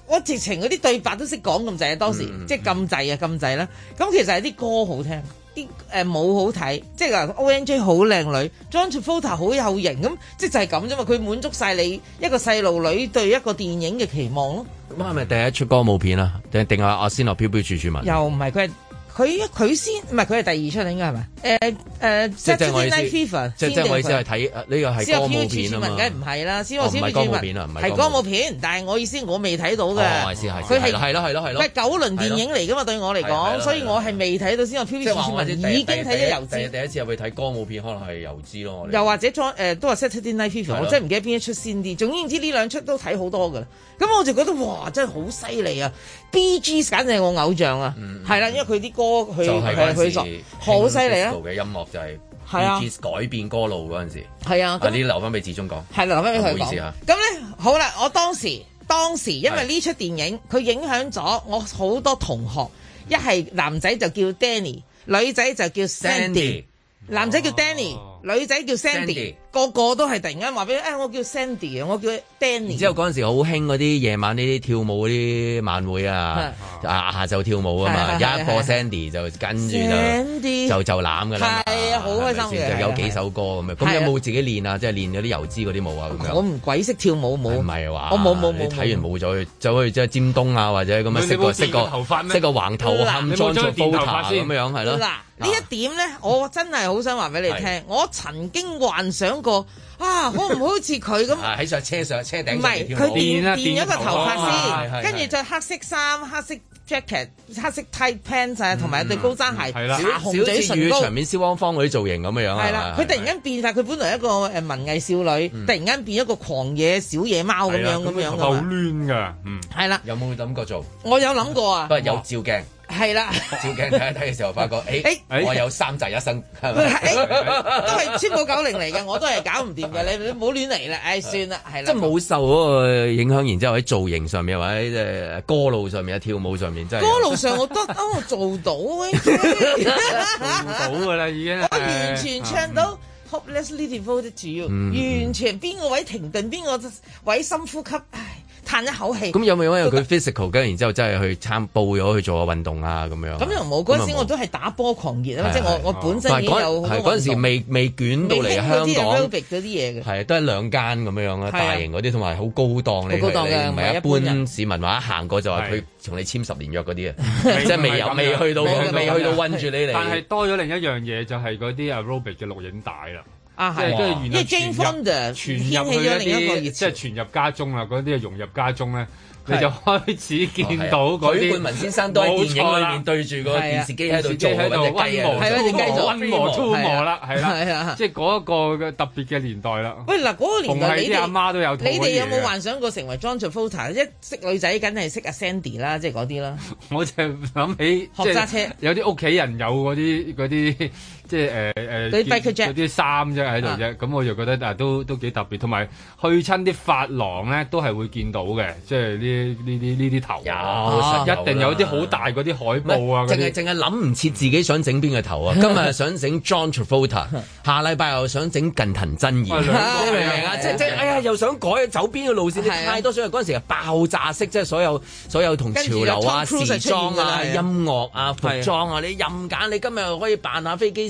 我直情嗰啲對白都識講咁滯啊，當時即係咁滯啊，咁滯啦。咁、就是、其實係啲歌好聽。啲誒冇好睇，即係話 O N J 好靚女 ，John Travolta 好有型，咁即係就係咁啫嘛，佢滿足晒你一個細路女對一個電影嘅期望咯。咁係咪第一出歌舞片啊？定定係阿仙樂飄飄處處聞？又唔係佢係。佢佢先唔係佢係第二出應應該係咪？誒、uh, 誒、uh,，Saturday Night, 即 Night Fever，即係即係意思係睇呢個係歌、哦、歌舞片啊嘛。先有 PVC 片，梗係唔係啦？先我先 PVC 片啦，唔係歌舞片。係歌舞片，但係我意思我未睇到嘅。哦，意思係佢係係咯係咯係咯。唔係九輪電影嚟噶嘛？對我嚟講，所以我係未睇到先有 PVC 片，已經睇咗油脂。第第一次入去睇歌舞片，可能係油脂咯。又或者裝誒都係 Saturday Night Fever 我真係唔記得邊一出先啲。總言之，呢兩出都睇好多噶啦。咁我就覺得哇，真係好犀利啊！B G s 簡直係我偶像啊！係、嗯、啦，因為佢啲歌佢佢佢作好犀利啊！做嘅音樂就係 B G 改變歌路嗰陣時，係啊！嗱，啊好啊、呢啲留翻俾志忠講係留翻俾佢講。咁咧好啦，我當時當時因為呢出電影，佢影響咗我好多同學。一係男仔就叫 Danny，女仔就叫 Sandy, Sandy。男仔叫 Danny，、哦、女仔叫 Sandy, Sandy。個個都係突然間話俾你、哎、我叫 Sandy 啊，我叫 Danny。之後嗰陣時好興嗰啲夜晚呢啲跳舞嗰啲晚會啊，下下晝跳舞啊嘛，啊啊有一個 Sandy 就跟住就就就攬㗎啦。係啊，好開心嘅。有幾首歌咁樣，咁、啊啊、有冇自己練啊？即係練嗰啲油脂嗰啲舞啊？咁樣、啊啊啊、我唔鬼識跳舞，冇。唔係話我冇冇冇。你睇完舞再可去即係尖東啊，或者咁樣識個識個識個橫頭冚再再剪頭髮先咁樣係咯。嗱、嗯、呢、嗯嗯嗯嗯、一點咧、嗯，我真係好想話俾你聽、啊啊，我曾經幻想。個啊，好唔好？好似佢咁喺上車上車頂上，唔係佢變變咗個頭髮先，跟住着黑色衫、黑色 jacket、黑色 tight pants 啊、嗯，同埋對高踭鞋，嗯、小，小紅嘴唇膏，場面消防方嗰啲造型咁嘅樣啊，係啦，佢突然間變晒，佢本來一個誒、呃、文藝少女、嗯，突然間變一個狂野小野貓咁樣咁樣好亂噶，嗯，係啦，有冇諗過做？我有諗過啊，不、嗯、過有照鏡。係啦，照鏡睇一睇嘅時候， 發覺，哎、欸、哎、欸，我有三疾一身、欸欸，都係千冇九零嚟嘅，我都係搞唔掂嘅， 你你唔好亂嚟啦，哎，算啦，係啦，即係冇受嗰個影響，然之後喺造型上面或者歌路上面啊，跳舞上面，真係歌路上我都啊 做到，欸、 做到㗎啦，已經，我完全唱到 hopeless beautiful 的主，完全邊個位停頓，邊個位深呼吸，嘆一口氣，咁、嗯嗯嗯、有冇因為佢 physical 跟住然之後真係去參報咗去做下運動啊咁樣？咁又冇，嗰陣時我都係打波狂熱啊，即係我我本身已經有嗰陣時未未捲到嚟香港，啲嘢嘅，係都係兩間咁樣大型嗰啲同埋好高檔呢啲嚟，唔係一般市民話行過就話佢同你簽十年約嗰啲啊， 即係未有未去到未去到，未去到，未去到溫住你嚟。但係多咗另一樣嘢就係、是、嗰啲 aerobic 嘅錄影帶啦。啊，係，即係 join fund 啊，傳入去個啲，即係傳入家中啦、啊，嗰啲融入家中咧，你就開始見到嗰啲。許冠文先生都喺電影裏面對住個電視機喺度做嗰隻雞啊，溫磨粗磨啦，係啊。即係嗰一個嘅、啊啊啊、特別嘅年代啦。喂、啊，嗱、啊，嗰個年代你阿媽都有睇。你哋有冇幻想過成為 John Travolta 即係識女仔，梗係識阿 Sandy 啦、啊，即係嗰啲啦。我就諗起學揸車，有啲屋企人有啲嗰啲。即係誒誒有啲衫啫喺度啫，咁、呃啊啊、我就覺得啊，都都幾特別同埋去親啲髮廊咧，都係會見到嘅。即係呢呢啲呢啲頭、啊，一定有啲好大啲海報啊，淨係淨係諗唔切自己想整邊個頭啊！ 今日想整 John Travolta，下禮拜又想整近藤真彥，明明啊？即即係哎呀、啊啊啊就是啊啊，又想改走邊個路線、啊、太多，所以嗰陣時爆炸式，即係所有所有同潮流啊、時裝啊、音樂啊、服裝啊，你任揀，你今日可以扮下飛機。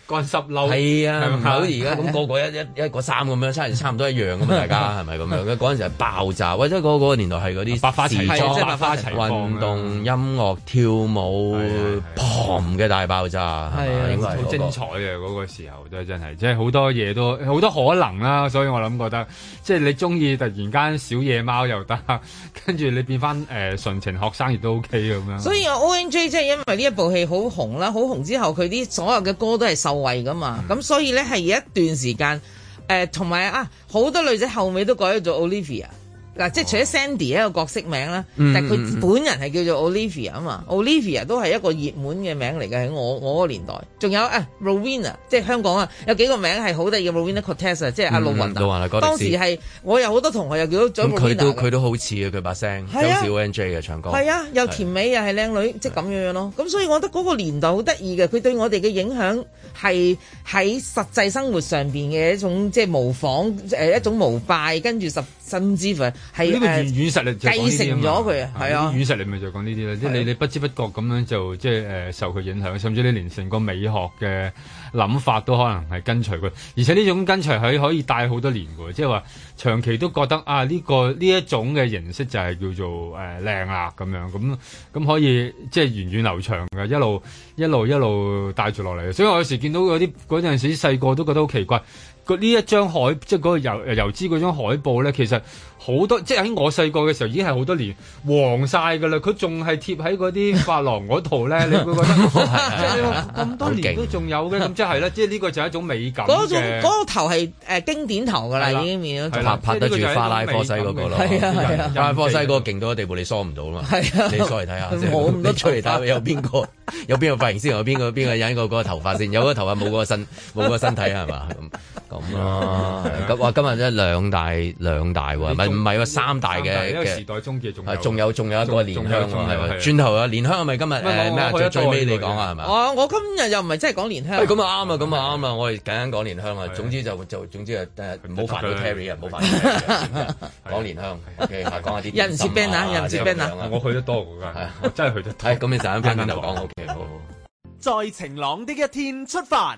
幹濕褸係啊，唔係好而家咁個個一一一,一個衫咁樣，差差唔多一樣噶嘛，大家係咪咁樣嘅？嗰陣時係爆炸，或者嗰個年代係啲百花齊裝、百、啊就是、花齊放、運動、啊、音樂、跳舞狂嘅、啊啊、大爆炸，係好、啊啊那個、精彩嘅嗰、嗰個時候真係真係，即係好多嘢都好多可能啦、啊。所以我諗覺得，即係你中意突然間小野貓又得，跟住你變翻誒、呃、純情學生亦都 OK 咁樣。所以 O N J 即係因為呢一部戲好紅啦，好紅之後佢啲所有嘅歌都係受。嘛、嗯，咁所以咧係有一段時間，誒同埋啊，好多女仔後尾都改咗做 Olivia 嗱、啊，即除咗 Sandy 一個角色名啦、哦，但係佢本人係叫做 Olivia 啊、嗯、嘛、嗯嗯。Olivia 都係一個熱門嘅名嚟嘅喺我我個個年代。仲有啊 Rowena 即香港啊，有幾個名係好得意嘅 Rowena Cortez 啊，即阿阿路雲。路雲啊，當時係我有好多同學又叫咗佢、嗯、都佢都好似啊，佢把聲有似 N.J. 嘅唱歌係啊，又甜美、啊、又係靚女，啊、即係咁樣樣咯。咁所以我覺得嗰個年代好得意嘅，佢對我哋嘅影響。係喺實際生活上邊嘅一種即係模仿，誒、呃、一種膜拜，跟住十甚至乎係、呃、繼承咗佢，係啊！原始嚟咪就講呢啲啦，即係、啊、你你不知不覺咁樣就即係誒受佢影響、啊，甚至你連成個美學嘅諗法都可能係跟隨佢，而且呢種跟隨佢可以帶好多年嘅，即係話。長期都覺得啊呢個呢一種嘅形式就係叫做誒靚、呃、啊咁樣咁咁可以即係源遠流長嘅一路一路一路帶住落嚟，所以我有時見到嗰啲嗰陣時細個都覺得好奇怪，呢一張海即係嗰個油油脂嗰張海報咧，其實。好多即係喺我細個嘅時候已經係好多年黃晒㗎啦，佢仲係貼喺嗰啲髮廊嗰度咧， 你會覺得咁 是說 多年都仲有嘅。咁即係咧，即係呢個就係一種美感嘅。嗰、那、嗰個頭係、呃、經典頭㗎啦，已經拍拍得住法拉科西嗰個咯、那個。係拉西嗰、那個勁到、那個、地步，你梳唔到啊嘛。你出嚟睇下， 你出嚟睇下有邊個 有邊個髮型先，有邊個邊個人嗰個嗰個頭髮先，有個頭髮冇個身冇 個身體係嘛咁啊。咁哇，今日真係兩大兩大喎。唔係喎，三大嘅時代嘅，仲有仲有，有一個蓮香，係喎。轉頭是不是不是啊，蓮香係咪今日？誒咩最尾你講啊，係咪？我今日又唔係真係講蓮香。咁啊啱啊，咁啊啱啊，我哋緊緊講蓮香啊、嗯嗯嗯嗯嗯嗯嗯。總之就就總之誒、就是，冇煩到 Terry 啊，冇煩到。講蓮香，OK，講下啲。人字冰啊，人字冰啊。我去得多嗰真係去得。睇咁你就喺邊度講？OK，好。在晴朗的一天出發。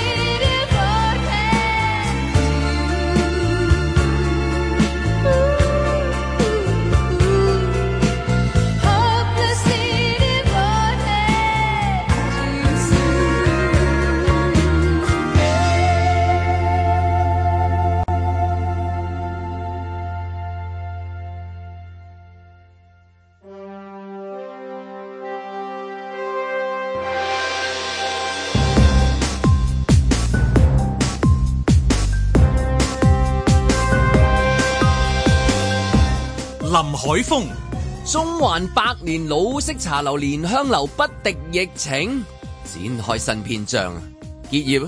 林海峰，中環百年老式茶樓蓮香樓不敵疫情，展開新篇章。結業，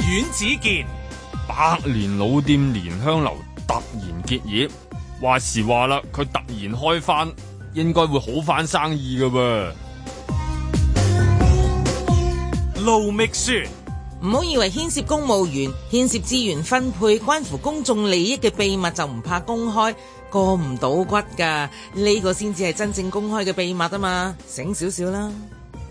阮子健，百年老店蓮香樓突然結業，話時話啦，佢突然開翻，應該會好翻生意噶噃。盧覓雪。唔好以為牽涉公務員、牽涉資源分配、關乎公眾利益嘅秘密就唔怕公開，過唔到骨噶，呢個先至係真正公開嘅秘密啊嘛！醒少少啦，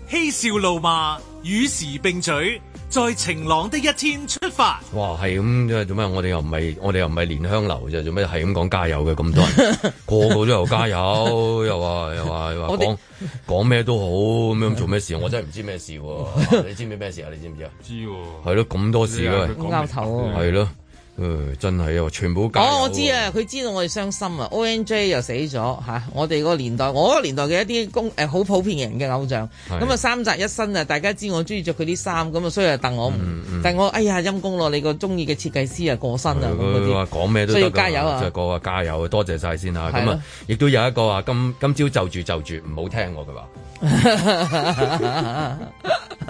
嬉笑怒罵與時並舉。在晴朗的一天出發。哇，係咁即做咩？我哋又唔係我哋又唔係蓮香樓啫，做咩係咁講加油嘅？咁多人 個個都有加油，又話又話又話講講咩都好，咁樣做咩事？我真係唔知咩事、啊 啊。你知唔知咩事啊？你知唔知，知啊，啊？知喎。係咯，咁多事嘅。我拗頭啊。係咯、啊。真係啊！全部哦，我知啊，佢知道我哋傷心啊！O N J 又死咗吓、啊，我哋嗰個年代，我嗰個年代嘅一啲公誒，好、呃、普遍型人嘅偶像，咁啊三宅一生啊，大家知我中意着佢啲衫，咁啊，所以啊，戥我唔，但我哎呀，陰功咯，你個中意嘅設計師啊過身啊咁、嗯嗯、都啲，所以加油啊！就講啊，加油，多謝晒先啊咁啊，亦都有一個啊，今今朝就住就住，唔好聽我嘅話，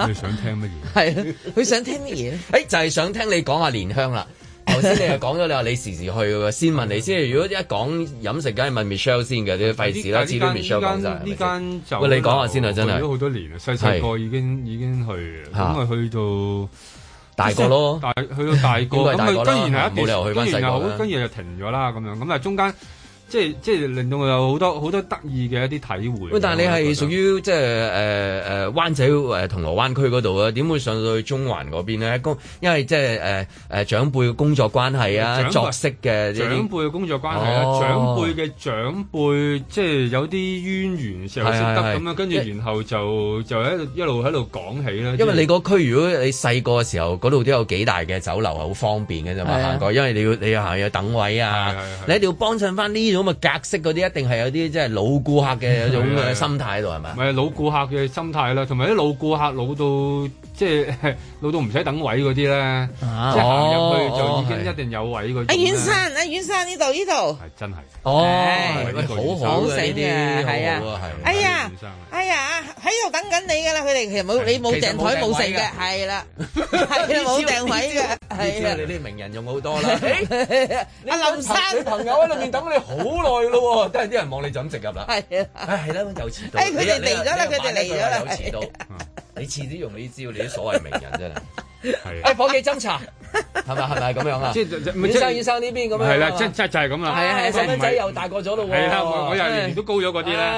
佢 想聽乜嘢？係、啊，佢想聽乜嘢？誒、 哎，就係、是、想聽你講下蓮香啦。頭 先你又講咗，你話你時時去嘅喎，先問你先。如果一講飲食，梗係問 Michelle 先嘅，你費事啦，始都 Michelle 講曬。就喂，是是你講下先啦真係。咗好多年啊，細個個已經已經去，咁、啊、咪去，去到大個 咯，大去到大個，咁啊當然係一件，冇理由去翻細個。跟住就停咗啦，咁樣咁啊中間。即係即係令到我有好多好多得意嘅一啲體會，喂，但係你係屬於即係誒誒灣仔誒銅鑼灣區嗰度啊？點、呃、會上到去中環嗰邊咧？因為即係誒誒長輩嘅工作關係啊，作息嘅長輩嘅工作關係啊，哦、長輩嘅長輩即係有啲淵源，成日識得咁樣。跟住然，然後就就，就一一路喺度講起啦。因為你個區，如果你細個嘅時候嗰度都有幾大嘅酒樓係好方便嘅啫嘛，行過，因為你要你要行嘅等位啊，對對對，你一定要幫襯翻呢種。咁啊，格式嗰啲一定係有啲即係老顧客嘅一種嘅心態喺度係嘛？唔係老顧客嘅心態啦，同埋啲老顧客老到即係老到唔使等位嗰啲咧，即係行入去就已經一定有位嗰啲。阿遠生，阿遠生呢度呢度係真係哦，好好嘅呢啲係啊，哎呀，哎呀，喺度等緊你㗎啦，佢哋其實冇你冇訂台冇成嘅，係啦，係冇訂位嘅。你知啊？你啲名人用好多啦、啊。阿、啊啊、林生，你朋友喺裏面等你好耐咯，都係啲人望你就咁直入啦。係啊，唉，係啦、啊，又遲到。唉、啊，佢哋嚟咗啦，佢哋嚟咗啦，又、啊啊啊、遲到。你遲啲用你知你啲所謂名人真係，啊，夥、哎、計斟茶係咪係咪咁樣，這這樣，就是就是、樣啊？即先、啊、生先生呢邊咁樣係啦，即真就係咁啦。係係細蚊仔又大個咗咯喎！係啦、啊，我又年年都高咗嗰啲啦，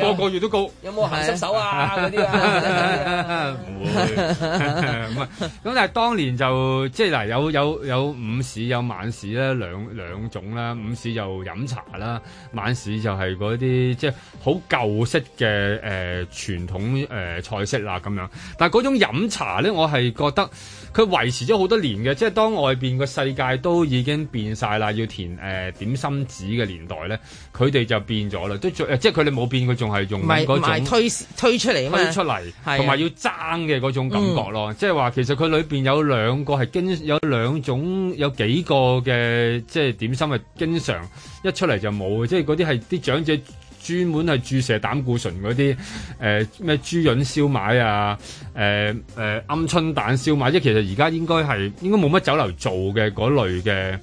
個、啊、個月都高。有冇行濕手啊？嗰啲啊？唔會咁啊！咁、 啊、 但係當年就即係嗱，有有有午市有晚市咧，兩兩種啦。午市就飲茶啦，晚市就係嗰啲即係好舊式嘅誒、呃、傳統誒、呃、菜式啦咁。呃但嗰種飲茶咧，我係覺得佢維持咗好多年嘅，即係當外面個世界都已經變晒啦，要填、呃、點心紙嘅年代咧，佢哋就變咗啦，都即係佢哋冇變，佢仲係用嗰種推，推出嚟推出嚟，同埋、啊、要爭嘅嗰種感覺咯。嗯、即係話其實佢裏面有兩個係經有兩種有幾個嘅即係點心係經常一出嚟就冇，即係嗰啲係啲長者。專門係注射膽固醇嗰啲，誒、呃、咩豬潤燒賣啊，誒、呃、誒、呃、鵪鶉蛋燒賣，即其實而家應該係應該冇乜酒樓做嘅嗰類嘅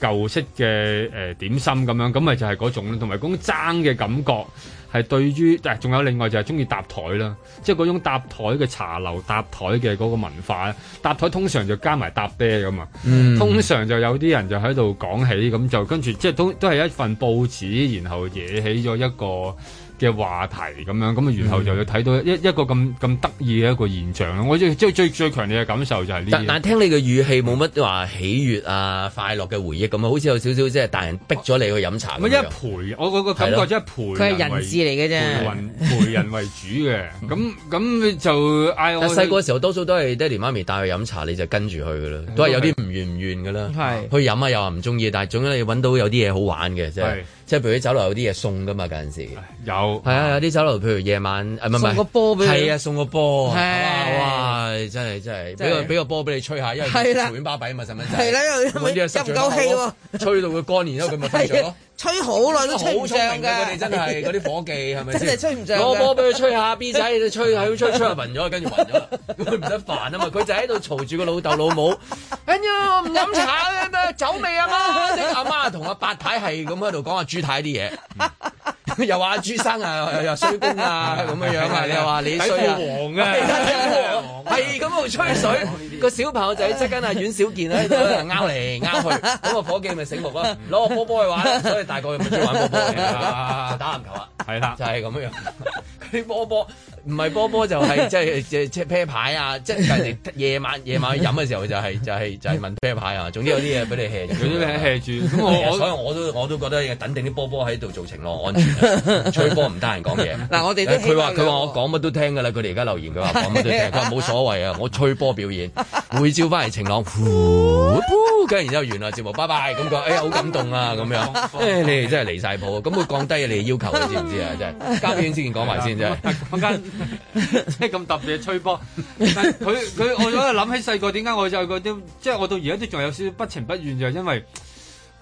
舊式嘅誒、呃、點心咁樣，咁咪就係嗰種同埋嗰種爭嘅感覺。係對於，但係仲有另外就係鍾意搭台啦，即係嗰種搭台嘅茶樓搭台嘅嗰個文化，搭台通常就加埋搭啤咁嘛，嗯、通常就有啲人就喺度講起，咁就跟住即係都都係一份報紙，然後惹起咗一個嘅話題咁樣，咁啊，然後就要睇到一個一個咁咁得意嘅一個現象咯。我最即係最最強烈嘅感受就係呢啲。但但聽你嘅語氣冇乜話喜悅啊、嗯、快樂嘅回憶咁啊，好似有少少即係大人逼咗你去飲茶。咪、啊、一陪，我嗰個感覺即係陪。佢係人事嚟嘅啫，陪人為主嘅。咁咁你就嗌、哎、我細個時候，多數都係爹哋媽咪帶去飲茶，你就跟住去噶啦。都係有啲唔願唔願噶啦。去飲啊，又話唔中意，但係總之你揾到有啲嘢好玩嘅，即係即係譬如啲酒樓有啲嘢送㗎嘛，嗰陣時有係啊，有啲酒樓譬如夜晚，唔係唔係送個波俾你係啊，送個波係啊，哇！係、哎、真係真係，俾個俾個波俾你吹下，因為朝鮮巴閉啊嘛，使乜真係？係啦，有冇啲濕氣喎，吹到佢乾之咗，佢咪着咗。吹好耐都好正上噶。哋真係嗰啲伙計係咪先？是是真吹唔上。攞波俾佢吹下 ，B 仔你吹係吹吹下暈咗，跟住暈咗啦。佢唔使煩啊嘛，佢就喺度嘈住個老豆老母。哎 呀，唔飲茶嘅，走未啊媽！阿 媽同阿八太係咁喺度講阿朱太啲嘢，啊。 嗯 又話阿朱生啊， 又衰公啊，咁樣樣啊，你又話你衰啊王啊，係咁喎吹水，個 小朋友仔即刻阿阮小健咧，勾嚟勾去，咁、 嗯，那個夥計咪醒目咯，攞個波波去玩，所以大個咪中意玩波波嚟打籃球啊，係啦、 就是，就係咁樣樣，佢波波唔係波波就係即係即係啤牌啊，即係人哋夜晚夜晚去飲嘅時候就係、是、就係、是、就問啤牌啊， 總之有啲嘢俾你住，住，咁所以我都我都覺得等定啲波波喺度做情侶安全。吹波唔得閒講嘢，嗱我哋佢話佢話我講乜都聽噶啦，佢哋而家留言佢話講乜都聽，佢話冇所謂啊，我吹波表演，會照翻嚟晴朗，跟然之後原來節目，拜拜咁講，哎呀好感動啊咁樣， 你哋真係離晒譜，咁會降低你哋要求嘅知唔知啊？即係，交片之前講埋先啫說完，咁間即係咁特別嘅吹波，但佢佢我喺度諗起細個點解我就嗰啲，即係我到而家都仲有少少不情不願就係因為，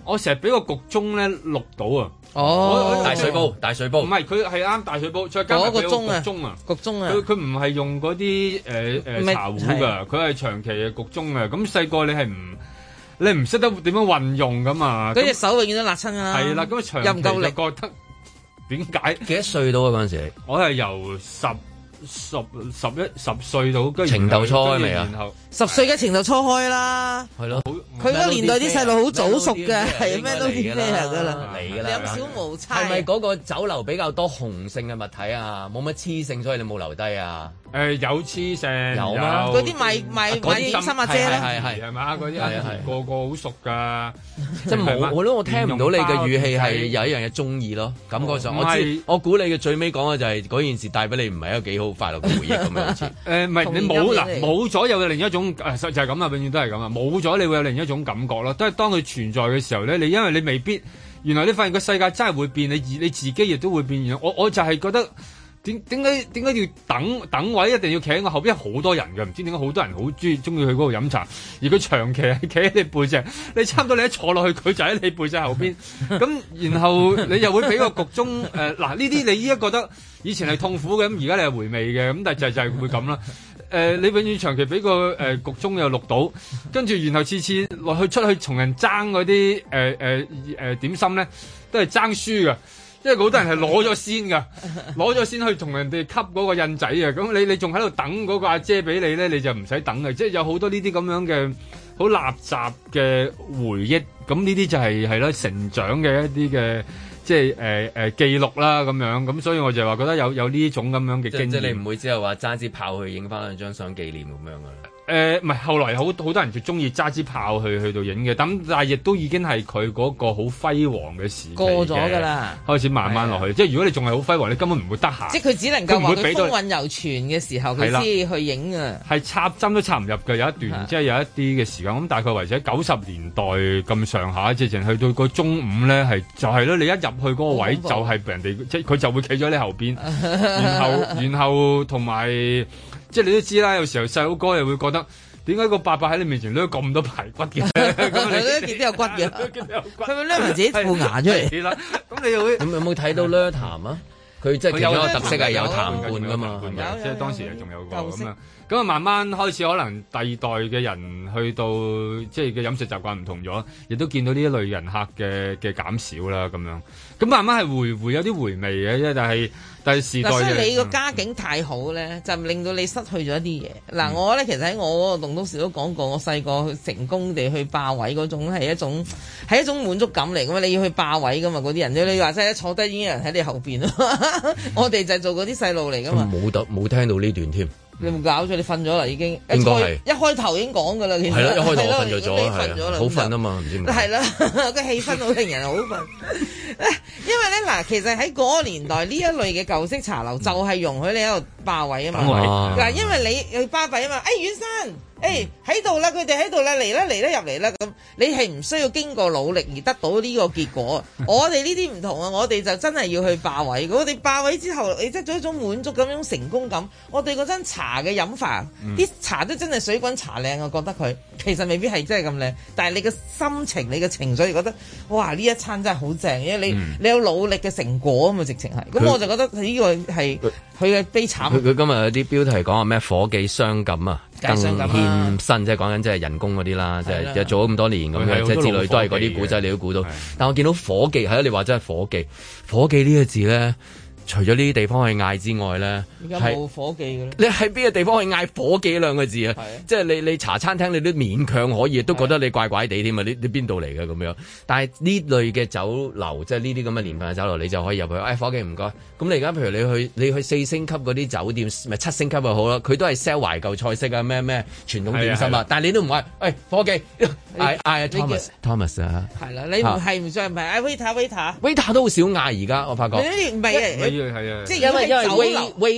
我成日俾個局中咧錄到啊。哦、oh, okay.，大水煲，大水煲。唔係，佢係啱大水煲，再加埋焗焗盅啊，焗盅啊，佢佢唔係用嗰啲誒誒茶壺㗎，佢係、啊、長期嘅焗盅啊，咁細個你係唔你唔識得點樣運用㗎嘛，嗰、那、隻、個、手永遠都辣親啊，係啦、啊，咁長期夠力覺得點解幾多歲到啊嗰陣時？我係由十。十十一十歲到，居然情竇初開啊！然後十歲嘅情竇初開啦，係咯，佢 嗰個年代啲細路好早熟嘅，係咩都變咩啊！噶啦，你噶啦，兩小無猜。係咪嗰個酒樓比較多雄性嘅物體啊？冇乜雌性，所以你冇留低啊？誒、呃，有黐線，有嗰啲賣賣賣心啊，姐係係係，嘛，嗰啲個個好熟噶，即係冇咯，我聽唔到你嘅語氣係有一樣嘢中意咯，感覺上我我估你嘅最尾講嘅就係嗰件事帶俾你唔係一個幾好快樂嘅回憶咁樣好誒，唔 係、呃、你冇嗱冇咗，有，有另一種就係咁啊，永、就、遠、是、都係咁啊，冇咗你會有另一種感覺咯。但係當佢存在嘅時候咧，你因為你未必，原來你發現個世界真係會變，你你自己亦都會變。我我就係覺得。點點解點解要等等位一定要企喺我後邊？好多人嘅，唔知點解好多人好中意中意去嗰度飲茶，而佢長期係企喺你背脊，你差唔多你一坐落去，佢就喺你背脊後邊。咁然後你又會俾個局中誒嗱呢啲你依家覺得以前係痛苦嘅，咁而家你係回味嘅，咁但係就係會咁啦。誒、呃、你永遠長期俾個誒、呃、局中又錄到，跟住然後次次落去出去同人爭嗰啲誒誒誒點心咧，都係爭輸嘅。即係好多人係攞咗先㗎，攞咗先去同人哋吸嗰個印仔啊！咁你你仲喺度等嗰個阿姐俾你咧，你就唔使等嘅。即係有好多呢啲咁樣嘅好垃圾嘅回憶，咁呢啲就係係咯成長嘅一啲嘅即係誒誒記錄啦咁樣。咁所以我就話覺得有有呢種咁樣嘅經驗。即，即你唔會只有話揸支炮去影翻兩張相紀念咁樣㗎。誒、呃，唔係，後來好好多人就中意揸支炮去去到影嘅，咁但係亦都已經係佢嗰個好輝煌嘅時過咗噶啦，開始慢慢落去。即係如果你仲係好輝煌，你根本唔會得閒。即係佢只能夠話佢風韻猶存嘅時候，佢先去影啊。係插針都插唔入嘅，有一段即係、就是、有一啲嘅時間。咁大概維持喺九十年代咁上下，直情去到個中午咧，係就係、是、咯。你一入去嗰個位，就係、是、俾人哋即佢就會企咗你後邊 然後然後同埋。即係你都知啦，有時候細佬哥又會覺得點解個伯伯喺你面前攞咁多排骨嘅，咁你見啲有骨嘅，佢咪攞埋自己副牙出嚟？咁 你又會咁 有冇睇到攞痰啊？佢即係其中一個特色係有痰罐噶嘛，即係當時仲有個咁樣。咁啊，慢慢開始可能第二代嘅人去到即係嘅飲食習慣唔同咗，亦都見到呢一類人客嘅嘅減少啦，咁樣。咁慢慢係回回，回有啲回味嘅，因但係但係時代。嗱，所以你個家境太好咧、嗯，就令到你失去咗一啲嘢。嗱、嗯，我咧其實喺我嗰個洞時都講過，我細個成功地去霸位嗰種係一種係一種滿足感嚟噶嘛。你要去霸位噶嘛，嗰啲人、嗯、你話真係坐低已經有人喺你後邊。嗯、 我哋就做嗰啲細路嚟噶嘛。冇得冇聽到呢段添？你唔搞咗，你瞓咗啦已經。應該係一開頭已經講噶啦。係咯，一開頭 我瞓咗咗，係 啊，好瞓啊嘛，唔知係咪？係啦，個氣氛好令人好瞓。 因為咧嗱，其實喺嗰個年代呢 一類嘅舊式茶樓就係容許你喺度霸位啊嘛，嗱，因為你誒巴閉啊嘛，哎、欸，遠山，誒喺度啦！佢哋喺度啦，嚟啦，嚟啦入嚟啦咁，你係唔需要經過努力而得到呢個結果。 我哋呢啲唔同啊，我哋就真係要去霸位。我哋霸位之後，你即係做一種滿足咁樣成功感。我哋嗰陣茶嘅飲法，啲、嗯、茶都真係水滾茶靚啊，我覺得佢其實未必係真係咁靚，但係你嘅心情、你嘅情緒，覺得哇呢一餐真係好正，因為你、嗯、你有努力嘅成果啊嘛，直情係。咁我就覺得呢個係佢嘅悲慘。佢今日有啲標題講話咩火機傷感啊！更欠薪，即係講緊，即係人工嗰啲啦，即係又做咗咁多年咁樣，即係之類都係嗰啲古仔，你都估到。但我見到伙記係啊，你話真係伙記，伙記呢個字咧。除咗呢啲地方去嗌之外咧，冇伙計嘅你喺邊個地方去嗌伙計兩個字啊？ 啊即係你你茶餐廳你都勉強可以，都覺得你怪怪地添啊！你你邊度嚟嘅咁樣？但係呢類嘅酒樓，即係呢啲咁嘅年份嘅酒樓，你就可以入去。誒、哎，伙計唔該。咁你而家譬如你去你去四星級嗰啲酒店，咪七星級又好啦，佢都係 sell 懷舊菜式啊，咩咩傳統點心啊。但你都唔嗌，誒、哎，伙計嗌嗌 Thomas Thomas 啊。係啦、啊，你唔係唔係唔嗌 waiter waiter 都好少嗌而家，我發覺。你依個係啊，因為因為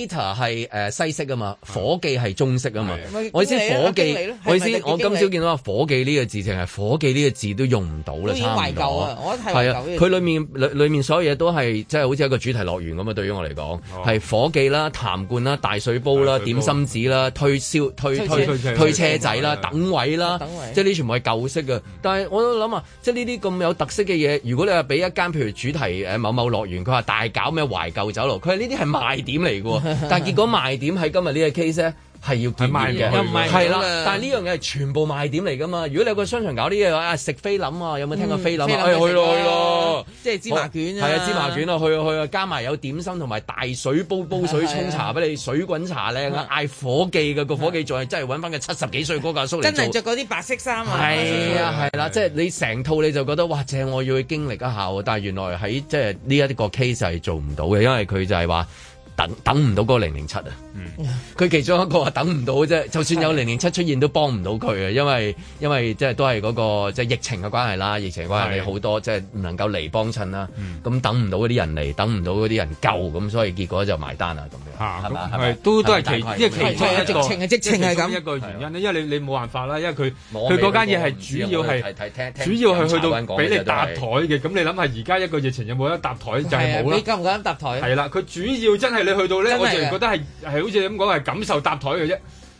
waiter 係誒西式啊嘛，伙記係中式啊嘛。我意思伙記，我意思我今朝見到啊，伙記呢個字淨係伙記呢個字都用唔到啦，差唔多啊。我係啊，佢裡面裏面所有嘢都係即係好似一個主題樂園咁啊。對於我嚟講，係、哦、伙記啦、痰罐啦、大水煲啦、點心紙啦、嗯、推銷推推推，推，推,車推車仔啦、啊、等位啦，即係呢全部係舊式啊。但係我都諗啊，即係呢啲咁有特色嘅嘢，如果你話俾一間譬如主題誒某某樂園，佢話大搞咩懷舊。走路，佢係呢啲係賣點嚟嘅喎，但係結果賣點喺今日呢個 case 咧係要點嘅？唔係，係啦，但係呢樣嘢係全部賣點嚟㗎嘛。如果你有個商場搞呢嘢，啊食菲林啊，有冇聽過菲林啊？去咯去咯！即係芝麻卷啊，係啊芝麻卷啊，去啊去啊，加埋有點心同埋大水煲，煲水沖茶俾你，係係啊、水滾茶咧嗌伙計嘅，個伙計仲係真係揾翻佢七十幾歲嗰個阿叔嚟。真係着嗰啲白色衫啊！係啊係啦、啊啊啊啊啊啊啊啊，即係你成套你就覺得哇，正我要去經歷一下喎！但係原來喺即係呢一個 case 係做唔到嘅，因為佢就係、係、話。等等唔到嗰零零七啊！佢、嗯、其中一個係等唔到嘅啫，就算有零零七出現都幫唔到佢啊，因為因為即係都係嗰個即係、就是、疫情嘅關係啦，疫情嘅關係你好多即係唔能夠嚟幫襯啦。咁、嗯、等唔到嗰啲人嚟，等唔到嗰啲人救，咁所以結果就埋單喇啊咁樣。嚇，咪？都都係其即係其，其一一一中一情係咁一個原因咧，因為你冇辦法啦，因為佢佢嗰間嘢係主要係主要係去到俾你搭台嘅，咁你諗下而家一個疫情有冇得搭台就係冇啦。你急唔急搭台？係啦，佢主要真係。你去到咧，的的我就覺得係係好似你咁講，係感受搭台嘅啫。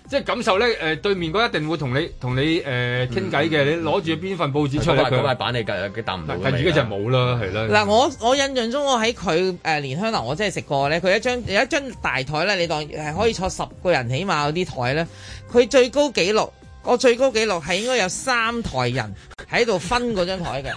即係感受咧，誒、呃、對面嗰一定會同你同你誒傾偈嘅。你攞住邊份報紙出嚟佢塊板，嗯、你夾佢搭唔到。但而家就冇啦，係啦。嗱，我我印象中我喺佢誒蓮香樓，我真係食過咧。佢一張有一張大台咧，你當係可以坐十個人，起碼嗰啲台咧，佢最高紀錄。我最高記錄係應該有三台人喺度分嗰張台嘅，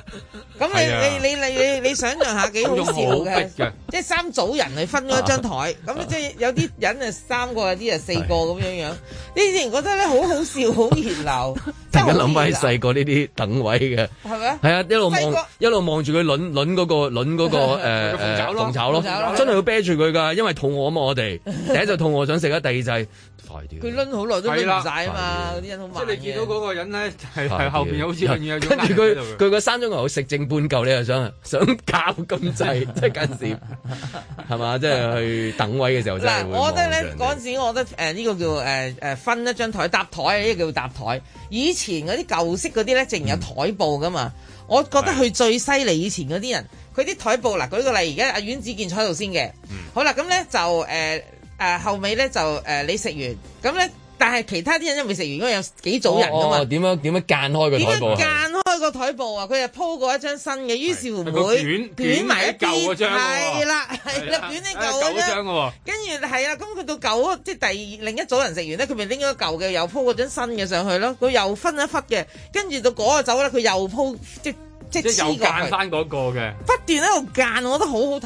咁你、啊、你你你你你想象下幾好笑嘅， 即係三組人去分嗰張台，咁、啊、即係有啲人係三個，有啲係四個咁樣、啊、樣，之前覺得咧好好笑，好 熱鬧，熱突然間諗翻細個呢啲等位嘅，係咪係係啊，一路望一路望住佢輪輪嗰個輪嗰、嗰個誒誒紅炒咯，真係要啤住佢噶， 因為我肚餓啊嘛， 我哋第一就肚餓想食啦，第二就係、是。佢拎好耐都拎唔曬啊嘛！嗰啲人好慢嘅。即係你見到嗰個人咧，係、就、係、是、後面好有好似跟住佢，佢個山中牛食正半嚿，你又想想搞咁滯，即係嗰陣時係嘛？即 係刻閃、 就是、去等位嘅時候。嗱，我覺得咧嗰陣時我、呃這個呃這個嗯，我覺得誒呢個叫誒分一張台搭台呢個叫搭台。以前嗰啲舊式嗰啲咧，淨然有台布噶嘛。我覺得佢最犀利以前嗰啲人，佢啲台布嗱、呃，舉個例，而家阿阮子健坐喺度先嘅、嗯。好啦，咁咧就誒。呃誒、呃、後尾咧就誒、呃、你食完，咁咧但係其他啲人因未食完，因為有幾組人噶嘛。哦，點、哦、樣點樣間開個台布？點樣間開個台布啊？佢又鋪過一張新嘅，於是乎會捲捲埋一啲，係啦，係啦，捲啲舊嗰張喎。跟住係啦，咁佢、啊啊、到舊即係第另一組人食完咧，佢咪拎咗舊嘅又鋪嗰張新嘅上去咯。佢又分一忽嘅，跟住到嗰個走咧，佢又鋪即即係有間翻嗰個嘅，不斷喺度間，我，都我，間 好看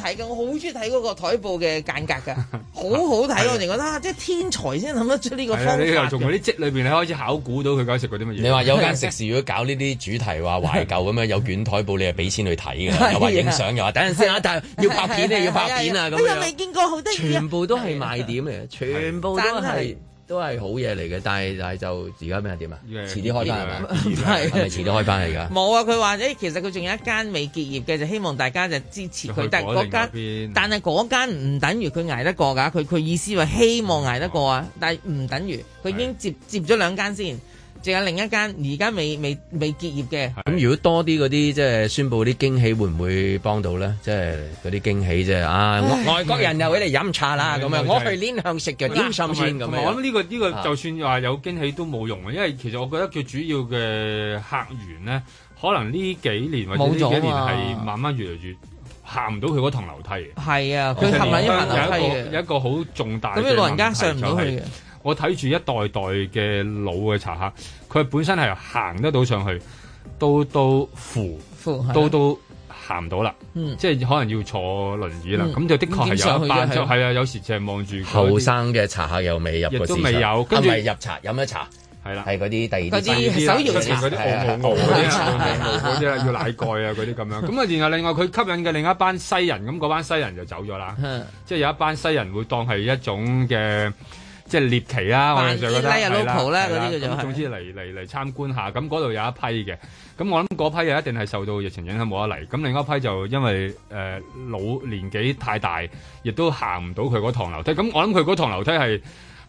我覺得好好睇嘅，我好中意睇嗰個台布嘅間隔嘅，好好睇，我哋覺得即係天才先諗得出呢個方法。你又從嗰啲職裏邊，你開始考古到佢搞食嗰啲乜嘢。你話有間食肆如果搞呢啲主題話懷舊咁樣有卷台布，你係俾錢去睇嘅， 又話影相，嘅話等陣先啊，但係要拍片咧，要拍片啊咁你又未見過，好得意，全部都係賣點嚟，全部都係。都係好嘢嚟嘅，但係但係就而家咩點啊？遲啲 開翻係咪？係遲啲開翻嚟㗎？冇啊！佢話誒，其實佢仲有一間未結業嘅，就希望大家就支持佢。但係嗰間，嗯，但係嗰間唔等於佢捱得過㗎。佢佢意思話希望捱得過啊，但係唔等於佢已經接接咗兩間先。仲有另一間，而家未未未結業嘅。咁如果多啲嗰啲即係宣布啲驚喜，會唔會幫到咧？即係嗰啲驚喜啫。啊，外國人又喺度飲茶啦。咁樣，我去呢向食就點心先咁樣。我諗呢個呢個就算話有驚喜都冇用嘅，因為其實我覺得佢主要嘅客源咧，可能呢幾年或者呢幾年係慢慢越嚟越行唔到佢嗰層樓梯。係啊，佢行緊啲樓梯嘅。有一個好重大。咁你老人家上唔到去嘅。我睇住一代代嘅老嘅茶客，佢本身係行得到上去，都都扶，都、啊、都行唔到啦、嗯，即係可能要坐輪椅啦。咁、嗯、就的確係有一班，就係啊，啊，有時就係望住後生嘅茶客又未入未有場，係咪入茶飲咗茶？係啦、啊，係嗰啲第二啲手搖嘢嗰啲，嗰啲、嗯啊 噢 啊、 要奶蓋啊，嗰啲咁樣。咁啊，然後另外佢吸引嘅另一班西人，咁嗰班西人就走咗啦。即係有一班西人會當係一種嘅。即係獵奇啦、啊，或者就覺得係啦。咁總之嚟嚟嚟參觀下，咁嗰度有一批嘅。咁我諗嗰批又一定係受到疫情影響冇得嚟。咁另一批就因為誒、呃、老年紀太大，亦都行唔到佢嗰堂樓梯。咁我諗佢嗰堂樓梯係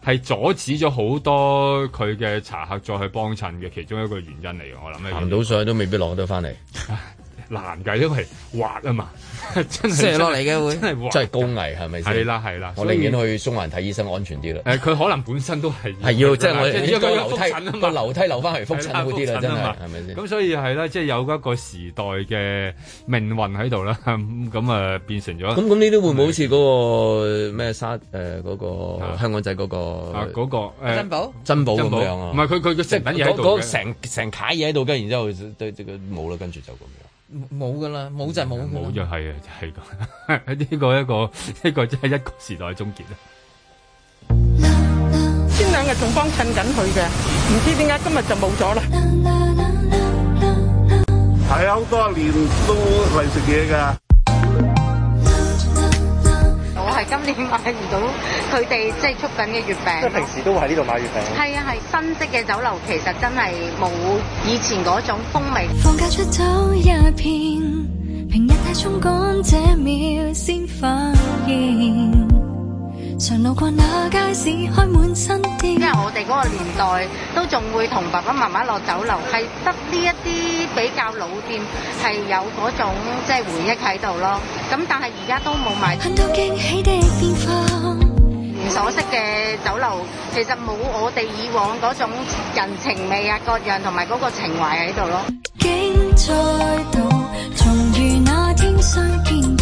係阻止咗好多佢嘅茶客再去幫襯嘅其中一個原因嚟嘅。我諗行唔到上去都未必攞得翻嚟。 難計，因為滑啊嘛。 真係咯，嚟嘅， 真係真係高危係咪先？係啦係啦，我寧願去松環睇醫生安全啲啦。誒，佢、呃、可能本身都係係要即係我一個複診啊樓梯留翻去複診好啲啦，真係係咪先？咁所以係啦，即係、就是、有一個時代嘅命運喺度啦，咁 啊變成咗咁。咁呢啲會唔會好似嗰、那個咩沙誒嗰、呃那個香港仔嗰、那個嗰、啊那個誒、欸、珍寶珍寶咁樣啊？唔係佢佢佢即係嗰成成卡嘢喺度跟，然之後冇啦，跟住就咁樣冇噶啦，冇就冇。冇就係啊，就係咁。呢個一個，呢個真係一個時代終結啦。前兩日仲幫襯緊佢嘅，唔知點解今日就冇咗啦。係啊，好多年都嚟食嘢噶。係今年買唔到，佢哋即係出緊嘅月餅，即係平時都會喺呢度買月餅。係啊，係新式嘅酒樓，其實真係冇以前嗰種風味。放假出走一片，平日太衝趕，這秒先發現。常路過那街市，開滿新店，因為我哋嗰個年代都仲會同爸爸媽媽落酒樓，係得呢一啲比較老店，係有嗰種即係回憶喺度咯。咁但係而家都冇埋。看到驚喜的變化，不所識嘅酒樓其實冇我哋以往嗰種人情味啊，各樣同埋嗰個情懷喺度咯。竟再度重遇那天相見。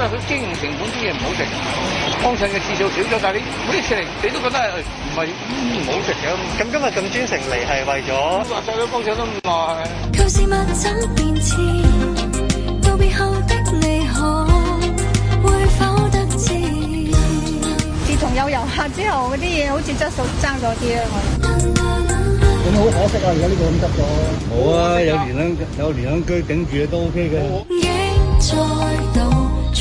因為佢經營成本啲嘢唔好食，幫襯嘅次數少咗，但係你，每一次嚟你都覺得係唔係唔好食嘅。咁今日咁專程嚟係為咗話晒都幫襯都唔到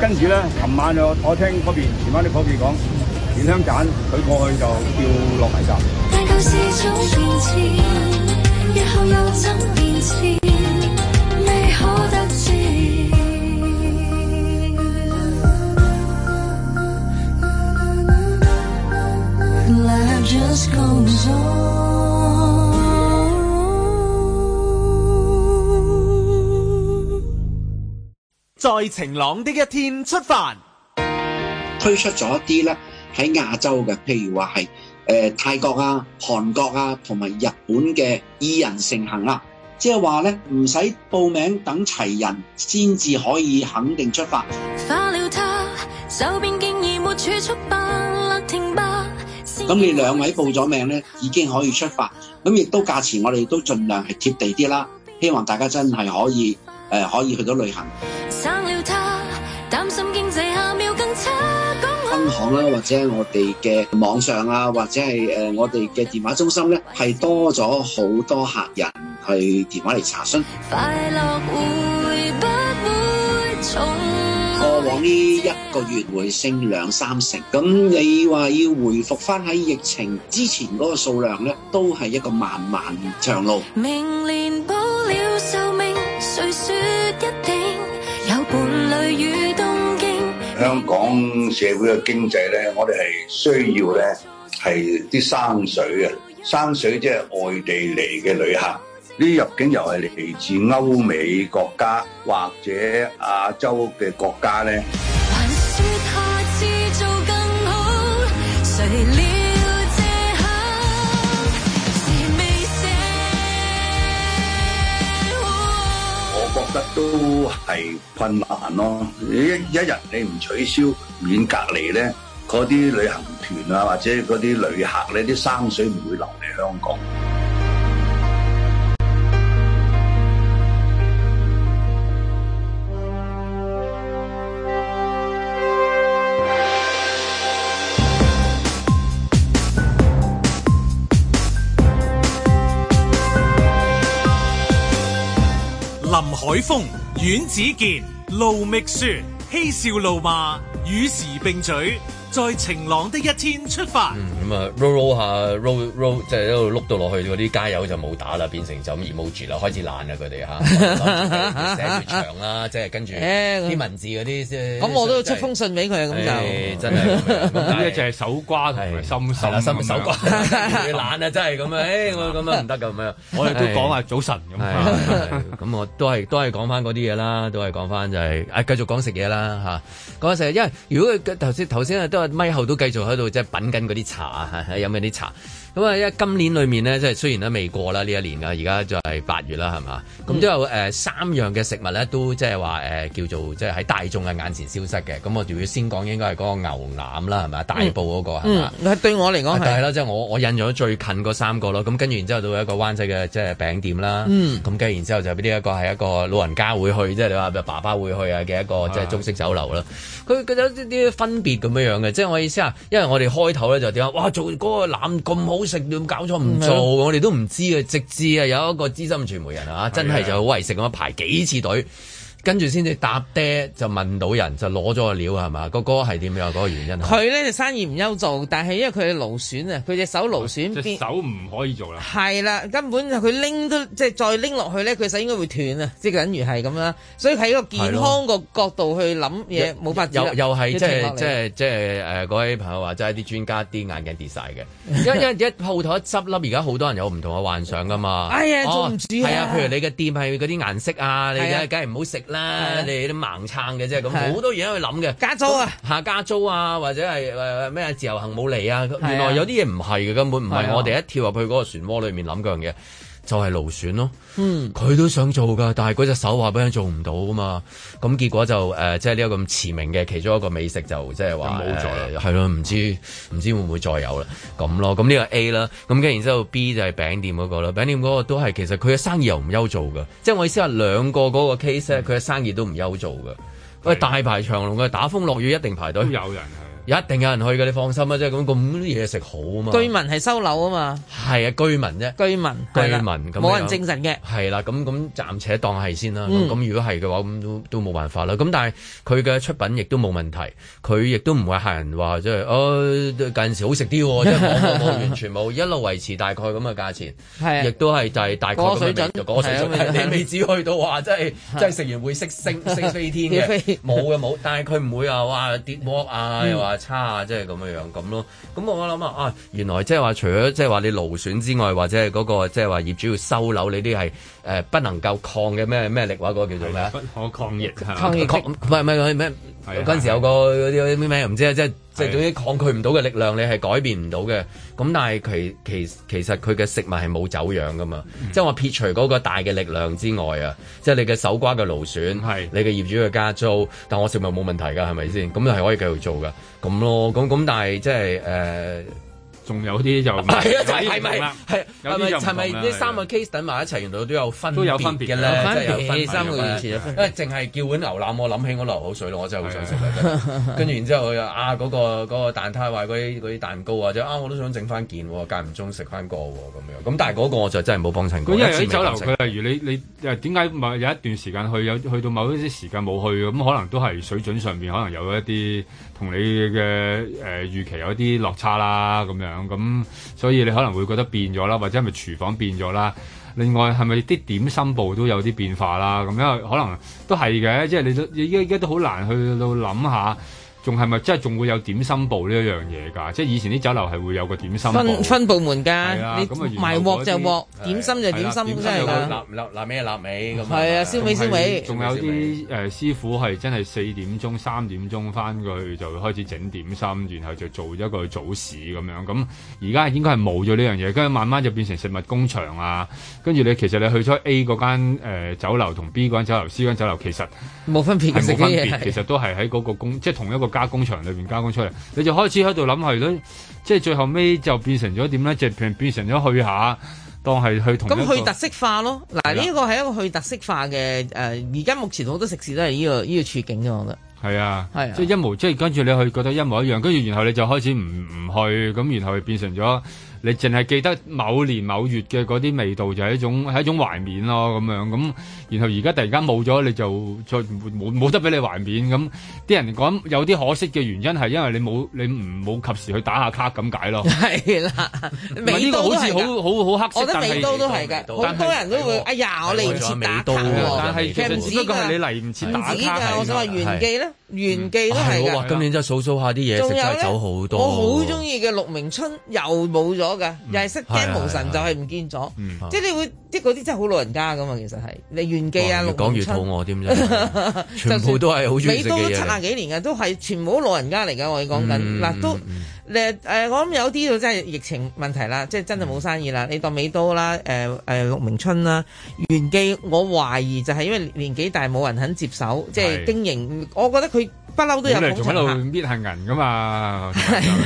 跟住咧，琴晚我我聽嗰邊前晚啲夥計講，元香棧佢過去就掉落埋閘。但 在晴朗的一天出發，推出咗一啲咧喺亞洲嘅，譬如話係誒泰國啊、韓國啊同埋日本嘅二人成行啦、啊，即係話咧唔使報名等齊人先至可以肯定出發。咁 你兩位報咗名咧，已經可以出發，咁亦都價錢我哋都盡量係貼地啲啦，希望大家真係可以。誒可以去到旅行，分行啦，或者我哋嘅網上啊，或者係誒我哋嘅電話中心咧，係多咗好多客人去電話嚟查詢。過往呢一個月會升兩三成，咁你話要回復翻喺疫情之前嗰個數量咧，都係一個漫漫長路。明年保了壽。香港社會嘅經濟咧，我哋係需要咧，係啲山水啊，山水即係外地嚟嘅旅客，呢啲入境又係嚟自歐美國家或者亞洲嘅國家咧。都係困難咯、啊！一一日你唔取消唔免隔離咧，嗰啲旅行團啊，或者嗰啲旅客咧，啲生水唔會流嚟香港。林海峰、阮子健、盧覓雪、嬉笑怒罵，與時並舉。在晴朗的一天出發。咁、嗯、啊，roll roll 下，roll roll，即係一路碌到落去，嗰啲加油就冇打啦，變成就咁熱唔住啦，開始懶啦佢哋嚇，啊、 寫住長啦，即係跟住啲、欸嗯、文字嗰啲先。咁、嗯嗯、我都要出封信俾佢咁就、哎、真係，咁一隻手瓜同心，心、哎、心，心手瓜。 你瓜，懶、哎、 啊，真係咁啊，誒、哎，我咁樣唔得噶咁樣，我哋都講下早晨咁啊，咁我都係都係講翻嗰啲嘢啦，都係講翻就係啊，繼續講食嘢啦嚇，講下食，因為如果頭先頭先都。咪後都繼續喺度即係品緊嗰啲茶啊，飲緊啲茶。咁啊！因為今年裏面呢即係雖然都未過啦呢一年啦，而家就係八月啦，係嘛？咁、嗯、都有誒三樣嘅食物咧，都即係話誒叫做即係喺大眾嘅眼前消失嘅。咁我仲要先講應該係嗰個牛腩啦，係咪、嗯？大埔嗰、那個係嘛、嗯？對我嚟講係。係啦，即係我我印象最近嗰三個咯。咁跟住然之後到一個灣仔嘅即係餅店啦。咁跟住然之後，後就呢一個係一個老人家會去，即、就、係、是、你話爸爸會去啊嘅一個即係、就是、中式酒樓啦。佢有啲分別咁樣嘅，即係我意思啊。因為我哋開頭咧就點啊？哇！做嗰個腩咁好。食點搞錯唔做，我哋都唔知啊！直至啊有一個資深傳媒人啊，真係就好為食咁排幾次隊。跟住先至搭嗲，就問到人就攞咗個料係嘛？個哥係點樣嗰、個原因？佢咧就生意唔憂做，但係因為佢勞損啊，佢隻手勞損，隻手唔可以做啦。係啦，根本佢拎都即係再拎落去咧，佢手應該會斷啊，即、就、係、係、等如係咁啦。所以喺個健康個角度去諗嘢，冇法又又係即係即係即係誒，嗰、呃、位朋友話齋啲專家啲眼鏡跌晒嘅，因因為一鋪頭一執笠，而家好多人有唔同嘅幻想㗎嘛。係、哎哦、啊，做唔住係啊，譬如你嘅店係嗰啲顏色啊，你梗係梗係唔好食。啦，你哋都盲撐嘅啫，咁好多嘢去度諗嘅，加租啊，下加租啊，或者係誒咩自由行冇嚟啊，原來有啲嘢唔係嘅，根本唔係我哋一跳入去嗰個漩渦裡面諗嗰樣嘢。就係、是、勞損咯，嗯，佢都想做噶，但係嗰隻手話俾人做唔到啊嘛。咁結果就誒、呃，即係呢一個咁馳名嘅其中一個美食就就，就即係話冇，係咯，唔、呃、知唔知會唔會再有啦咁咯。咁呢個 A 啦，咁跟然之後 B 就係餅店嗰個啦。餅店嗰個都係其實佢嘅生意又唔憂做噶，即係我意思係兩個嗰個 case，佢、嗯、嘅生意都唔憂做噶。喂，大排長龍嘅打風落雨一定排隊，有人有一定有人去嘅，你放心啊！即係咁咁啲嘢食好啊嘛。居民係收樓啊嘛。係啊，居民啫。居民。居民。冇人精神嘅。係啦，咁咁暫且當係先啦。咁、嗯、如果係嘅話咁都都冇辦法啦。咁但係佢嘅出品亦都冇問題，佢亦都唔會客人話即係哦近時，好食啲喎，即係冇冇完全冇一路維持大概咁嘅價錢係。亦都係就係大概咁嘅水準。個水準。準你未至於去到話即係即係食完會升升飛天嘅，冇嘅冇。但係佢唔會啊話跌啊差啊，即係咁嘅樣咁咯。咁、嗯、我諗啊，啊原來即係話除咗即係話你勞損之外，或者係嗰個即係話業主要收樓，你啲係誒不能夠抗嘅咩咩力話，嗰、嗰個叫做咩？不可抗逆。抗逆抗唔係唔係咩？嗰陣、啊啊、時有個嗰啲咩咩唔知啊，啊知即係。即、就、係、是、總之抗拒唔到嘅力量，你係改變唔到嘅。咁但係其其其實佢嘅食物係冇走樣㗎嘛。嗯、即係我撇除嗰個大嘅力量之外啊，即係你嘅手瓜嘅勞損，你嘅業主嘅加租，但我食物冇問題㗎，係咪先？咁都係可以繼續做㗎，咁咯。咁咁但係即係誒。呃仲有啲就係一齊，係咪係？係咪？係咪？係咪係咪呢三個 case 等埋一齊原來都有分別，都有分別㗎啦，有分別，三個完全有分別，因為淨係叫碗牛腩，我諗起我流口水咯，我真係好想食。跟住然之後就啊嗰、嗰個嗰個蛋撻，或者嗰啲啲蛋糕啊，就啊我都想整翻件喎，間唔中食翻個喎咁樣。咁但係嗰個我真的沒就真係冇幫襯過。佢因為啲酒樓，例如你你又點解有一段時間去有去到某啲時間冇去咁，可能都係水準上面可能有一啲。同你嘅誒、呃、預期有啲落差啦，咁樣咁，所以你可能會覺得變咗啦，或者係咪廚房變咗啦？另外係咪啲點心部都有啲變化啦？咁樣可能都係嘅，即係你都依家依家都好難去到諗下。仲係咪即係仲會有點心部呢一樣嘢㗎？即係以前啲酒樓係會有個點心分分部門㗎、啊，你賣鑊就鑊，點心就點心，真係啦。臘臘臘味臘味咁。係啊，燒味燒味。仲有啲誒師傅係真係四點鐘、三點鐘翻過去就開始整點心，然後就做一個早市咁樣。咁而家應該係冇咗呢樣嘢，跟住慢慢就變成食物工場啊。跟住你其實你去咗 A 嗰間酒樓同 B 嗰間酒樓、C 嗰間酒樓，其實冇分別嘅食嘅其實都係喺嗰個工即係同一個。加工場裏邊加工出嚟，你就開始喺度諗。係咯，即係最後尾就變成咗點咧？就變變成咗去下，當係去同。咁去特色化咯，嗱呢個係一個去特色化嘅誒。而家目前好多食肆都係呢個呢個處境嘅，我覺得。係啊，係啊，即係一模，即係跟住你去覺得一模一樣，跟住然後你就開始唔唔去，咁然後就變成咗你淨係記得某年某月嘅嗰啲味道，就係一種係一種懷念咯，咁樣咁。嗯然後而家突然間冇咗，你就再冇冇得俾你懷緬咁。啲人講有啲可惜嘅原因係因為你冇你唔冇及時去打下卡咁解咯。係啦，美都呢個，好似好好好黑。我覺得美都都係嘅，好多人都會哎呀，我嚟唔切美都喎。但係其實只不過係，你嚟唔切打卡，切打卡我想話玄記咧，玄記呢都係㗎。係今年真係數數下啲嘢真係走好多。我好中意嘅鹿鳴春又冇咗㗎，又係失驚無神就係唔見咗，嗯嗯。即係你會。即嗰啲真係好老人家㗎嘛，其實係嚟袁記啊，六、講越肚餓添，就全部都係好中意食嘢，七啊幾年㗎，都係全部好老人家嚟㗎，我哋講緊嗱都。嗯誒我諗有啲就真係疫情問題啦，即係真係冇生意啦。你當美都啦，誒、呃、誒，陸、呃、明春啦，元記，我懷疑就係因為年紀大，冇人肯接手，即係經營。我覺得佢不嬲都有。仲喺度搣下銀噶嘛，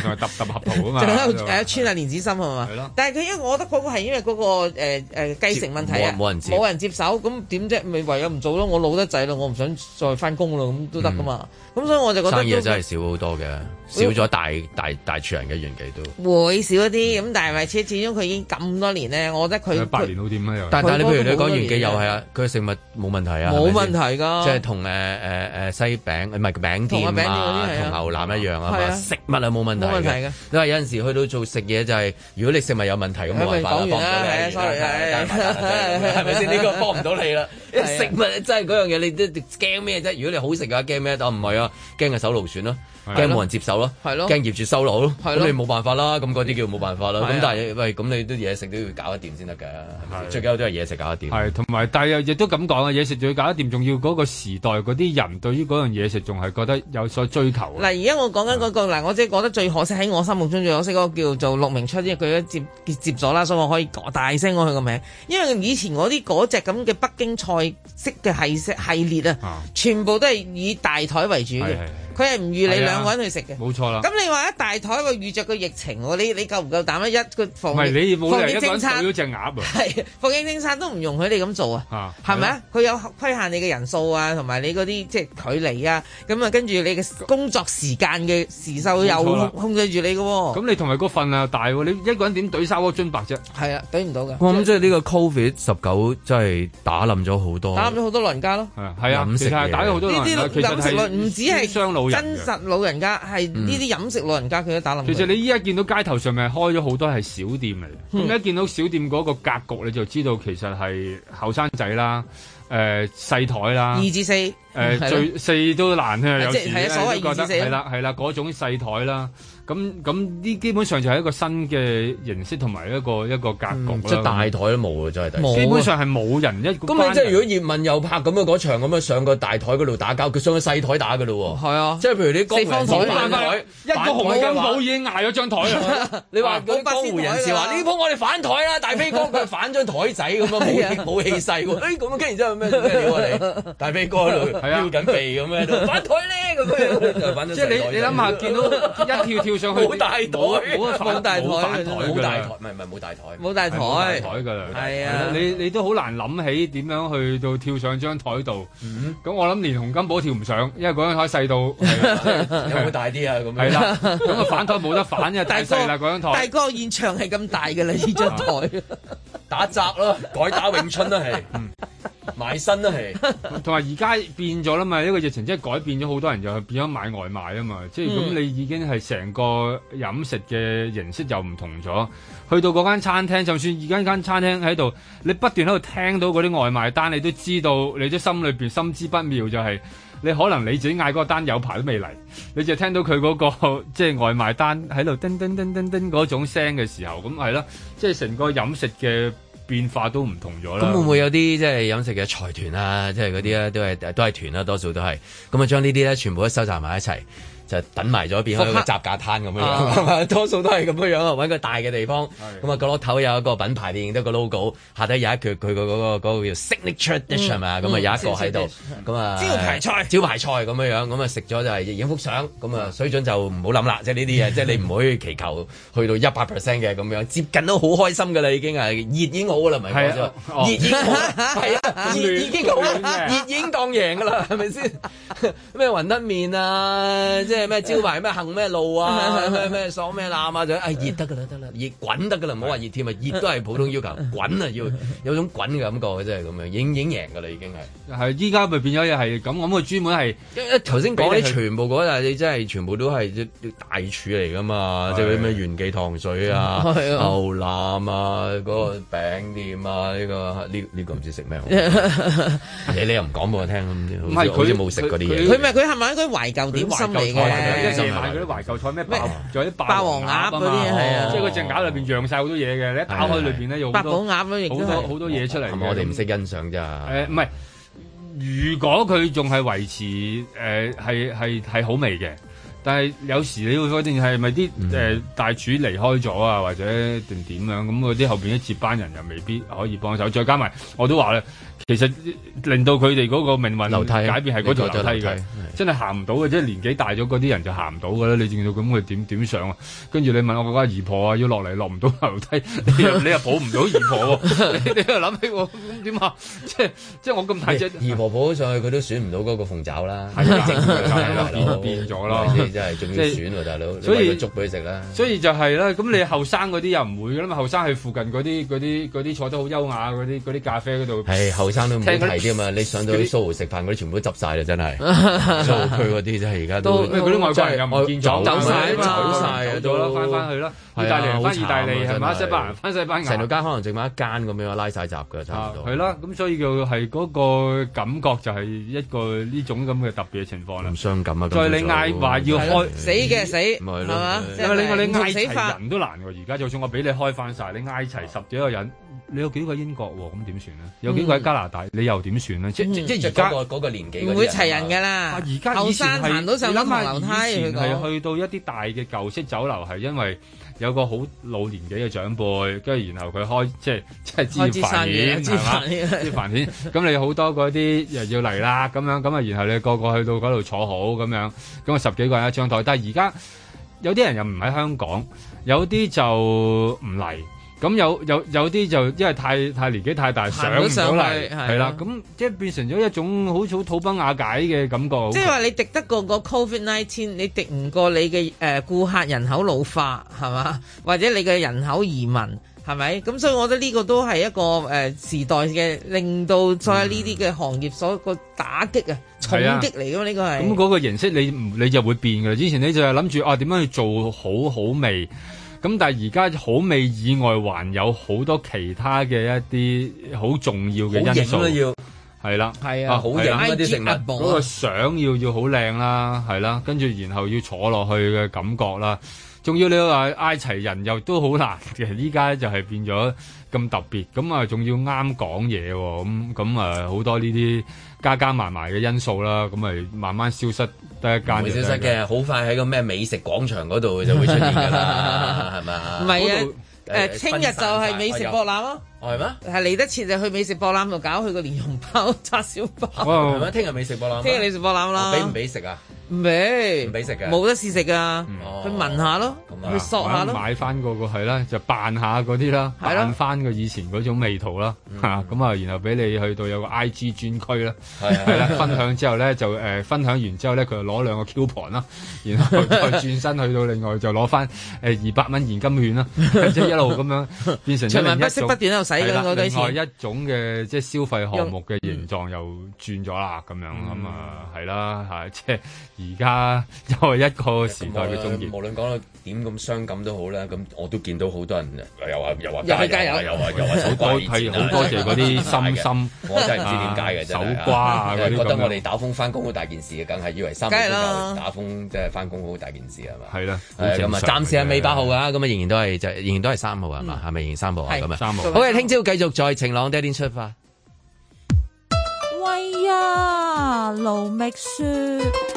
仲係揼揼核桃啊嘛。呃、穿下蓮子心係嘛。但係佢因為我覺得嗰個係因為嗰、嗰個誒誒繼承問題啊，冇人,人接冇人接手，咁點啫？咪唯有唔做咯。我老得滯咯，我唔想再翻工咯，咁都得噶嘛。咁、嗯、所以我就覺得生意真係少好多嘅。少咗大大大廚人嘅演技都會少一啲，咁、嗯、但係咪始始終佢已經咁多年咧、嗯，我覺得佢八年好點啦，但係你譬如你講演技又係啊，佢嘅食物冇問題啊，冇問題㗎。即係同、呃、西餅唔係、呃餅，呃、餅店啊，同牛腩一樣啊，啊啊食物啊冇問題㗎。你話有陣時去到做食嘢就係，如果你食物有問題咁，我係講完啦，係啊，sorry，係係咪先？呢、哎、個、啊啊、幫唔到你啦、啊啊啊啊啊啊啊。食物真係嗰樣嘢，你都驚咩啫？如果你好食嘅話，驚咩我唔係啊，驚、啊、個、啊、手勞損咯、啊，驚冇、啊、人接受。係咯，驚業主收樓咯，咁你冇辦法啦。咁嗰啲叫冇辦法啦。咁但係喂，咁你都嘢食都要搞得掂先得噶。最緊要都係嘢食搞得掂。係同埋，但係又亦都咁講啊，嘢食仲要搞得掂，仲要嗰個時代嗰啲人對於嗰樣嘢食仲係覺得有所追求。嗱，而家我講緊嗰個，嗱，我即係覺得最可惜喺我心目中最可惜嗰個叫做鹿鳴春，因為佢都接接咗啦，所以我可以講大聲講佢個名。因為以前我啲嗰隻咁嘅北京菜式嘅係系列啊，全部都係以大台為主嘅。佢係唔預你兩個人去食嘅，冇、啊、錯啦。咁你話一大台個預着個疫情，我你你夠唔夠膽一,你一個防疫、啊，防疫政策都唔容許你咁做啊！係咪啊？佢、啊、有規限你嘅人數啊，同埋你嗰啲即係距離啊。咁啊，跟住你嘅工作時間嘅時數又控,控制住你嘅、啊。咁你同埋個份量又大、啊，你一個人點對蝦嗰樽白啫、啊？係啊，對唔到㗎。咁、就是、即係呢個 COVID 十九真係打冧咗好多，打冧咗好多老人家咯。係啊，飲食其實打咗好多老人家、啊啊，飲食唔止係真實老人家係呢啲飲食老人家，佢都打冧。其實你依家見到街頭上面開咗好多係小店嚟，咁、嗯、一見到小店嗰個格局，你就知道其實係後生仔啦，誒、呃、細台啦，二至四，最四都難聽，有所咧覺得係啦係啦嗰種細台啦。咁咁呢？基本上就係一個新嘅形式同埋一個一個格局，即係大台都冇啊，真係基本上係冇人一。咁你即係如果葉問又拍咁嘅嗰場，咁樣上個大台嗰度打交，佢上個細台打㗎咯喎。係啊，即係譬如啲江湖人士，一個紅金寶已經捱咗張台啦。你話江湖人士話呢鋪我哋反台啦，大飛哥佢 反張台仔咁啊，冇氣冇氣勢喎。誒咁跟然之後咩咩嘢嚟？大飛哥喺度撩緊鼻咁啊，反台咧咁反。即係你你諗下，見到一條條。冇大，大，大台，冇大台，冇大台，唔係唔係冇大台，冇大台台噶，係啊！你啊你，啊你都好難諗起點樣去到跳上張台度。咁、啊、我諗連洪金寶跳唔上，因為嗰張台細到有冇大啲啊？咁係啦，咁個反台冇得反啫。啊、有沒有大細啦、啊，嗰、啊、 張台。大哥，大哥現場係咁大嘅啦，呢 張台桌 打雜咯，改打詠春都係。 嗯買新都係，同埋而家變咗啦嘛，呢個疫情真係改變咗好多人，就變咗買外賣啊嘛，嗯，即係咁你已經係成個飲食嘅形式又唔同咗。去到嗰間餐廳，就算而家間餐廳喺度，你不斷喺度聽到嗰啲外賣單，你都知道你都心裏面心知不妙就係，你可能你自己嗌嗰單有排都未嚟，你就聽到佢嗰個即係外賣單喺度叮叮叮叮叮嗰種聲嘅時候，咁係囉，即係成個飲食嘅。變化都唔同咗啦，咁會唔會有啲即係飲食嘅財團啦、啊，即係嗰啲咧都係、嗯、都係團啦、啊，多數都係，咁啊將呢啲咧全部都收集埋一齊。就等埋咗，變咗個雜架攤咁樣， 多數都係咁樣，揾個大嘅地方，咁啊角落頭有一個品牌店，得個 logo，下底有一腳佢、嗰個嗰、嗰個叫 signature dish 嘛、嗯，咁、嗯、啊、嗯、有一個喺度，咁啊招牌菜，招牌菜咁樣樣，咁啊食咗就係影幅相，咁啊水準就唔好諗啦，即係呢啲嘢，即 係你唔可以祈求去到一百 percent 嘅咁樣，接近都好開心㗎啦，已經啊熱已經好啦，咪係，熱啦，係啊，熱已經好啦，熱已經當贏㗎啦，係咪先？咩雲吞麵啊，咩招牌咩行咩路啊咩咩爽咩腩啊，就係、哎、熱得噶啦得啦，熱滾得噶啦，唔好話熱添啊，熱都係普通要求，滾啊，要有種滾嘅感覺，真係咁樣已經已經贏噶啦，已經係係依家咪變咗係咁咁。佢專門係一頭先講你全部嗰陣你真係全部都係大廚嚟噶嘛，即係嗰啲咩原記糖水啊、牛腩啊、嗰個餅店啊，呢個呢，呢個唔知食咩？你你又唔講俾我聽。唔係佢佢咪佢係咪一個懷舊點心一、欸、夜晚嗰啲懷舊菜咩？仲有啲霸王鴨嗰啲，係啊、哦，即係嗰隻鴨裏邊釀晒好多嘢嘅。你一打開裏邊咧，又八寶鴨亦都好多嘢出嚟。我哋唔識欣賞咋，誒、呃，唔係。如果佢仲係維持誒係係係好味嘅，但係有時你會覺得係咪啲誒大廚離開咗啊、嗯，或者定點樣咁？嗰啲後邊啲接班人又未必可以幫手。再加埋我都話咧。其實令到佢哋嗰個命運樓梯改變係嗰條樓梯嘅，真係行唔到嘅，即係年紀大咗嗰啲人就行唔到噶啦。你見到咁佢點點上啊？跟住你問我個姨婆啊，要落嚟落唔到樓梯，你，你又你又抱唔到姨婆，啊 你，你又諗起我咁點啊？即係即係我咁大隻姨婆婆上去佢都選唔到嗰個鳳爪啦，係 啊，鳳爪大佬變咗啦，你真係仲要選大佬，所以逐俾食啦。所以就係、是、啦，咁你後生嗰啲又唔會噶嘛？後生係附近嗰啲啲啲坐得好優雅嗰啲啲咖啡嗰度後生都唔使睇啲嘛，你上到去蘇豪食飯嗰啲全部都執曬啦，真係。老區嗰啲真係而家都。因為嗰啲外國人又唔見咗，走曬，走曬咗啦，翻翻去啦。意大利人翻意大利係嘛？西班牙人翻西班牙。成條街可能剩翻一間咁樣拉曬閘嘅差唔多。係咯，咁所以就係嗰個感覺就係一個呢種咁嘅特別嘅情況啦。咁傷感啊！再你嗌話要開，死嘅死，係嘛？因為你我哋嗌齊人都難喎，而家就算我俾你開翻曬，你嗌齊十幾個人。你有幾個英國喎？咁點算咧？有幾個喺加拿大？你又點算咧？即即即而家嗰個、嗰個年紀嘅人唔會齊人㗎啦。而家以前係以前係去到一啲大嘅舊式酒樓，係因為有個好老年紀嘅長輩，跟住然後佢開即即接飯錢係嘛？接飯咁 你好多嗰啲又要嚟啦咁樣咁啊！然後你個個去到嗰度坐好咁樣，咁啊十幾個人一張台。但係而家有啲人又唔喺香港，有啲就唔嚟。咁有有有啲就因為太太年紀太大，上唔到嚟，係啦。咁即係變成咗一種好似好土崩瓦解嘅感覺。即係話你敵得過個 Covid nineteen，你敵唔過你嘅誒顧客人口老化，係嘛？ 或者你嘅人口移民，係咪？咁所以我覺得呢個都係一個誒、呃、時代嘅令到再呢啲嘅行業所個打擊啊，嗯、重擊嚟㗎。呢個係咁嗰個形式你，你你就會變㗎啦。之前你就係諗住啊，點樣去做好好味。咁但係而家好美以外，還有好多其他嘅一啲好重要嘅因素。好型、啊、要，係啦，係啊，好型啲成個。嗰、啊那個相要要好靚啦，係啦，跟住然後要坐落去嘅感覺啦，仲要你話挨齊人又都好難嘅，依家就係變咗。咁特別，咁啊，仲要啱講嘢，咁咁啊，好多呢啲加加埋埋嘅因素啦，咁咪慢慢消失得一間。唔會消失嘅，好快喺個咩美食廣場嗰度就會出現㗎啦，係咪？唔係啊，誒，聽日就係美食博覽咯，係咩？係嚟得切就去美食博覽度搞佢個蓮蓉包、叉燒包。係咪聽日美食博覽？聽 日美食博覽啦。俾唔俾食啊？唔俾，唔俾食嘅，冇得試食㗎、啊，oh. 去聞下咯。去、嗯、索下咯，買翻嗰、那個係啦，就扮下嗰啲啦，扮翻個以前嗰種味道啦，吓咁啊，然後俾你去到有個 I G 專區啦，係啦，分享之後咧就誒、呃、分享完之後咧，佢就攞兩個 coupon 啦，然後再轉身 去到另外就攞翻誒二百蚊現金券啦，即 係一路咁樣變成。循 環不息，不，不斷喺度使噶啦。另外一種嘅即係消費項目嘅形狀又轉咗啦，咁樣咁啊係啦吓，即係而家因為一個時代嘅終結。無論講到點。咁傷感都好啦，咁我都見到好多人又話又話解，又話又話好掛，好多，多，多謝嗰啲心心，我真係唔知點解嘅啫。手瓜啊，啊瓜啊覺得我哋打風翻工好大件事嘅，梗係以為三號打風即係翻工好大件事係嘛？係啦。咁、嗯、啊、嗯，暫時係未八號啊，咁啊，仍然都係就仍然都係三號啊嘛，係咪仍然三號啊？咁啊。三號。好、嗯、嘅，聽朝繼續在晴朗嘅一天出發。喂呀，盧覓雪。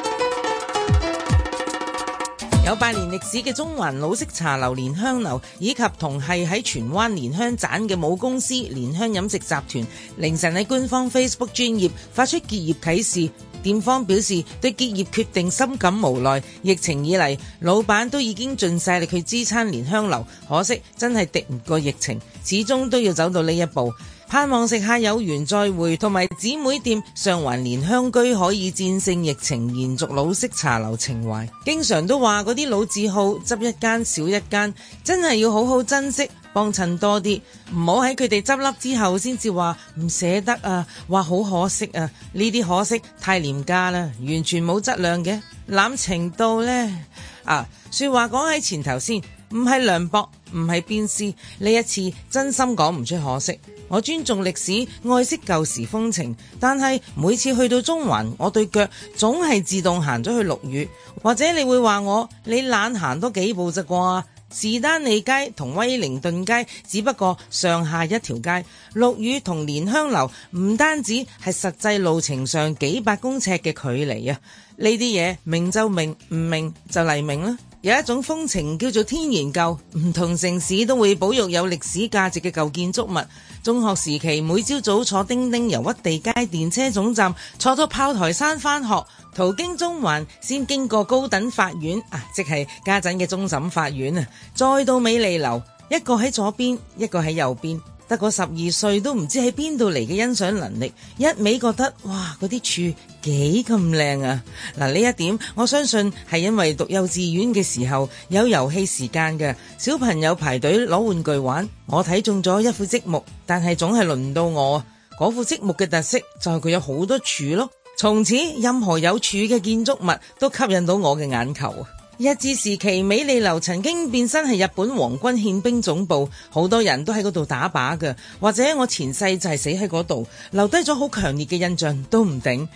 九八年歷史嘅中環老式茶樓蓮香樓，以及同係喺荃灣蓮香棧嘅母公司蓮香飲食集團，凌晨喺官方 Facebook 專頁發出結業啟示。店方表示對結業決定深感無奈。疫情以嚟，老闆都已經盡曬力去支撐蓮香樓，可惜真係敵唔過疫情，始終都要走到呢一步。盼望食客有緣再會，同埋姊妹店上環蓮香居可以戰勝疫情，延續老式茶樓情懷。經常都話嗰啲老字號執一間少一間，真係要好好珍惜，幫襯多啲，唔好喺佢哋執笠之後先至話唔捨得啊！話好可惜啊！呢啲可惜太廉價啦，完全冇質量嘅，濫情到呢，啊！說話講喺前頭先。唔係涼薄，唔係邊師，呢一次真心講唔出可惜。我尊重歷史，愛惜舊時風情，但係每次去到中環，我對腳總係自動行咗去陸羽，或者你會話我你懶行多幾步咋啩？士丹利街同威靈頓街只不過上下一條街，陸羽同蓮香樓唔單止係實際路程上幾百公尺嘅距離啊！呢啲嘢明就明，唔明就黎明啦～有一種風情叫做天然舊，唔同城市都會保育有歷史價值嘅舊建築物。中學時期每朝早坐叮叮由屈地街電車總站坐到炮台山返學，途經中環，先經過高等法院啊，即係家陣嘅終審法院啊，再到美利樓，一個喺左邊，一個喺右邊。得個十二歲都唔知喺邊度嚟嘅欣賞能力，一味覺得哇嗰啲柱幾咁靚啊！嗱，呢一點我相信係因為讀幼稚園嘅時候有遊戲時間，嘅小朋友排隊攞玩具玩，我睇中咗一副積木，但係總係輪唔到我。嗰副積木嘅特色就係佢有好多柱咯。從此任何有柱嘅建築物都吸引到我嘅眼球日治時期，美利樓曾經變身係日本皇軍憲兵總部，好多人都喺嗰度打靶㗎，或者我前世就係死喺嗰度，留低咗好強烈嘅印象都唔定。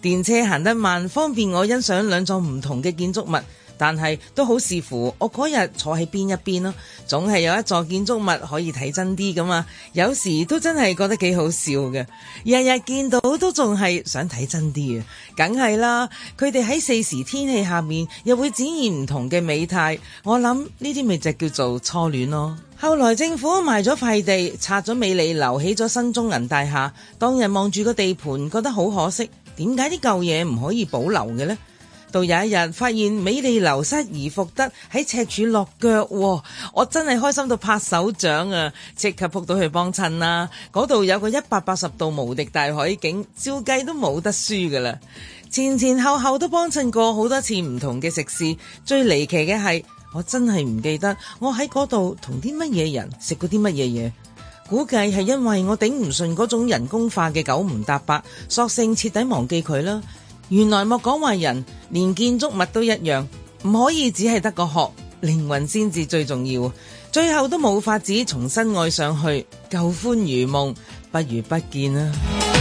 電車行得慢，方便我欣賞兩座唔同嘅建築物。但係都好視乎我嗰日坐喺邊一邊咯，總係有一座建築物可以睇真啲㗎嘛。有時都真係覺得幾好笑嘅，日日見到都仲係想睇真啲啊！梗係啦，佢哋喺四時天氣下面又會展現唔同嘅美態。我諗呢啲咪就叫做初戀咯。後來政府賣咗塊地，拆咗美利，留起咗新中銀大廈。當日望住個地盤，覺得好可惜。點解啲舊嘢唔可以保留嘅呢？到有一日，發現美利樓失而復得喺赤柱落腳，我真係開心到拍手掌啊！即刻撲到去幫襯啦！嗰度有個一百八十度無敵大海景，照計都冇得輸㗎喇！前前後後都幫襯過好多次唔同嘅食肆，最離奇嘅係，我真係唔記得我喺嗰度同啲乜嘢人食過啲乜嘢嘢。估計係因為我頂唔順嗰種人工化嘅九唔搭八，索性徹底忘記佢啦。原來莫講話人，連建築物都一樣，唔可以只係得個殼，靈魂先至最重要。最後都冇法子重新愛上去，舊歡如夢，不如不見啊。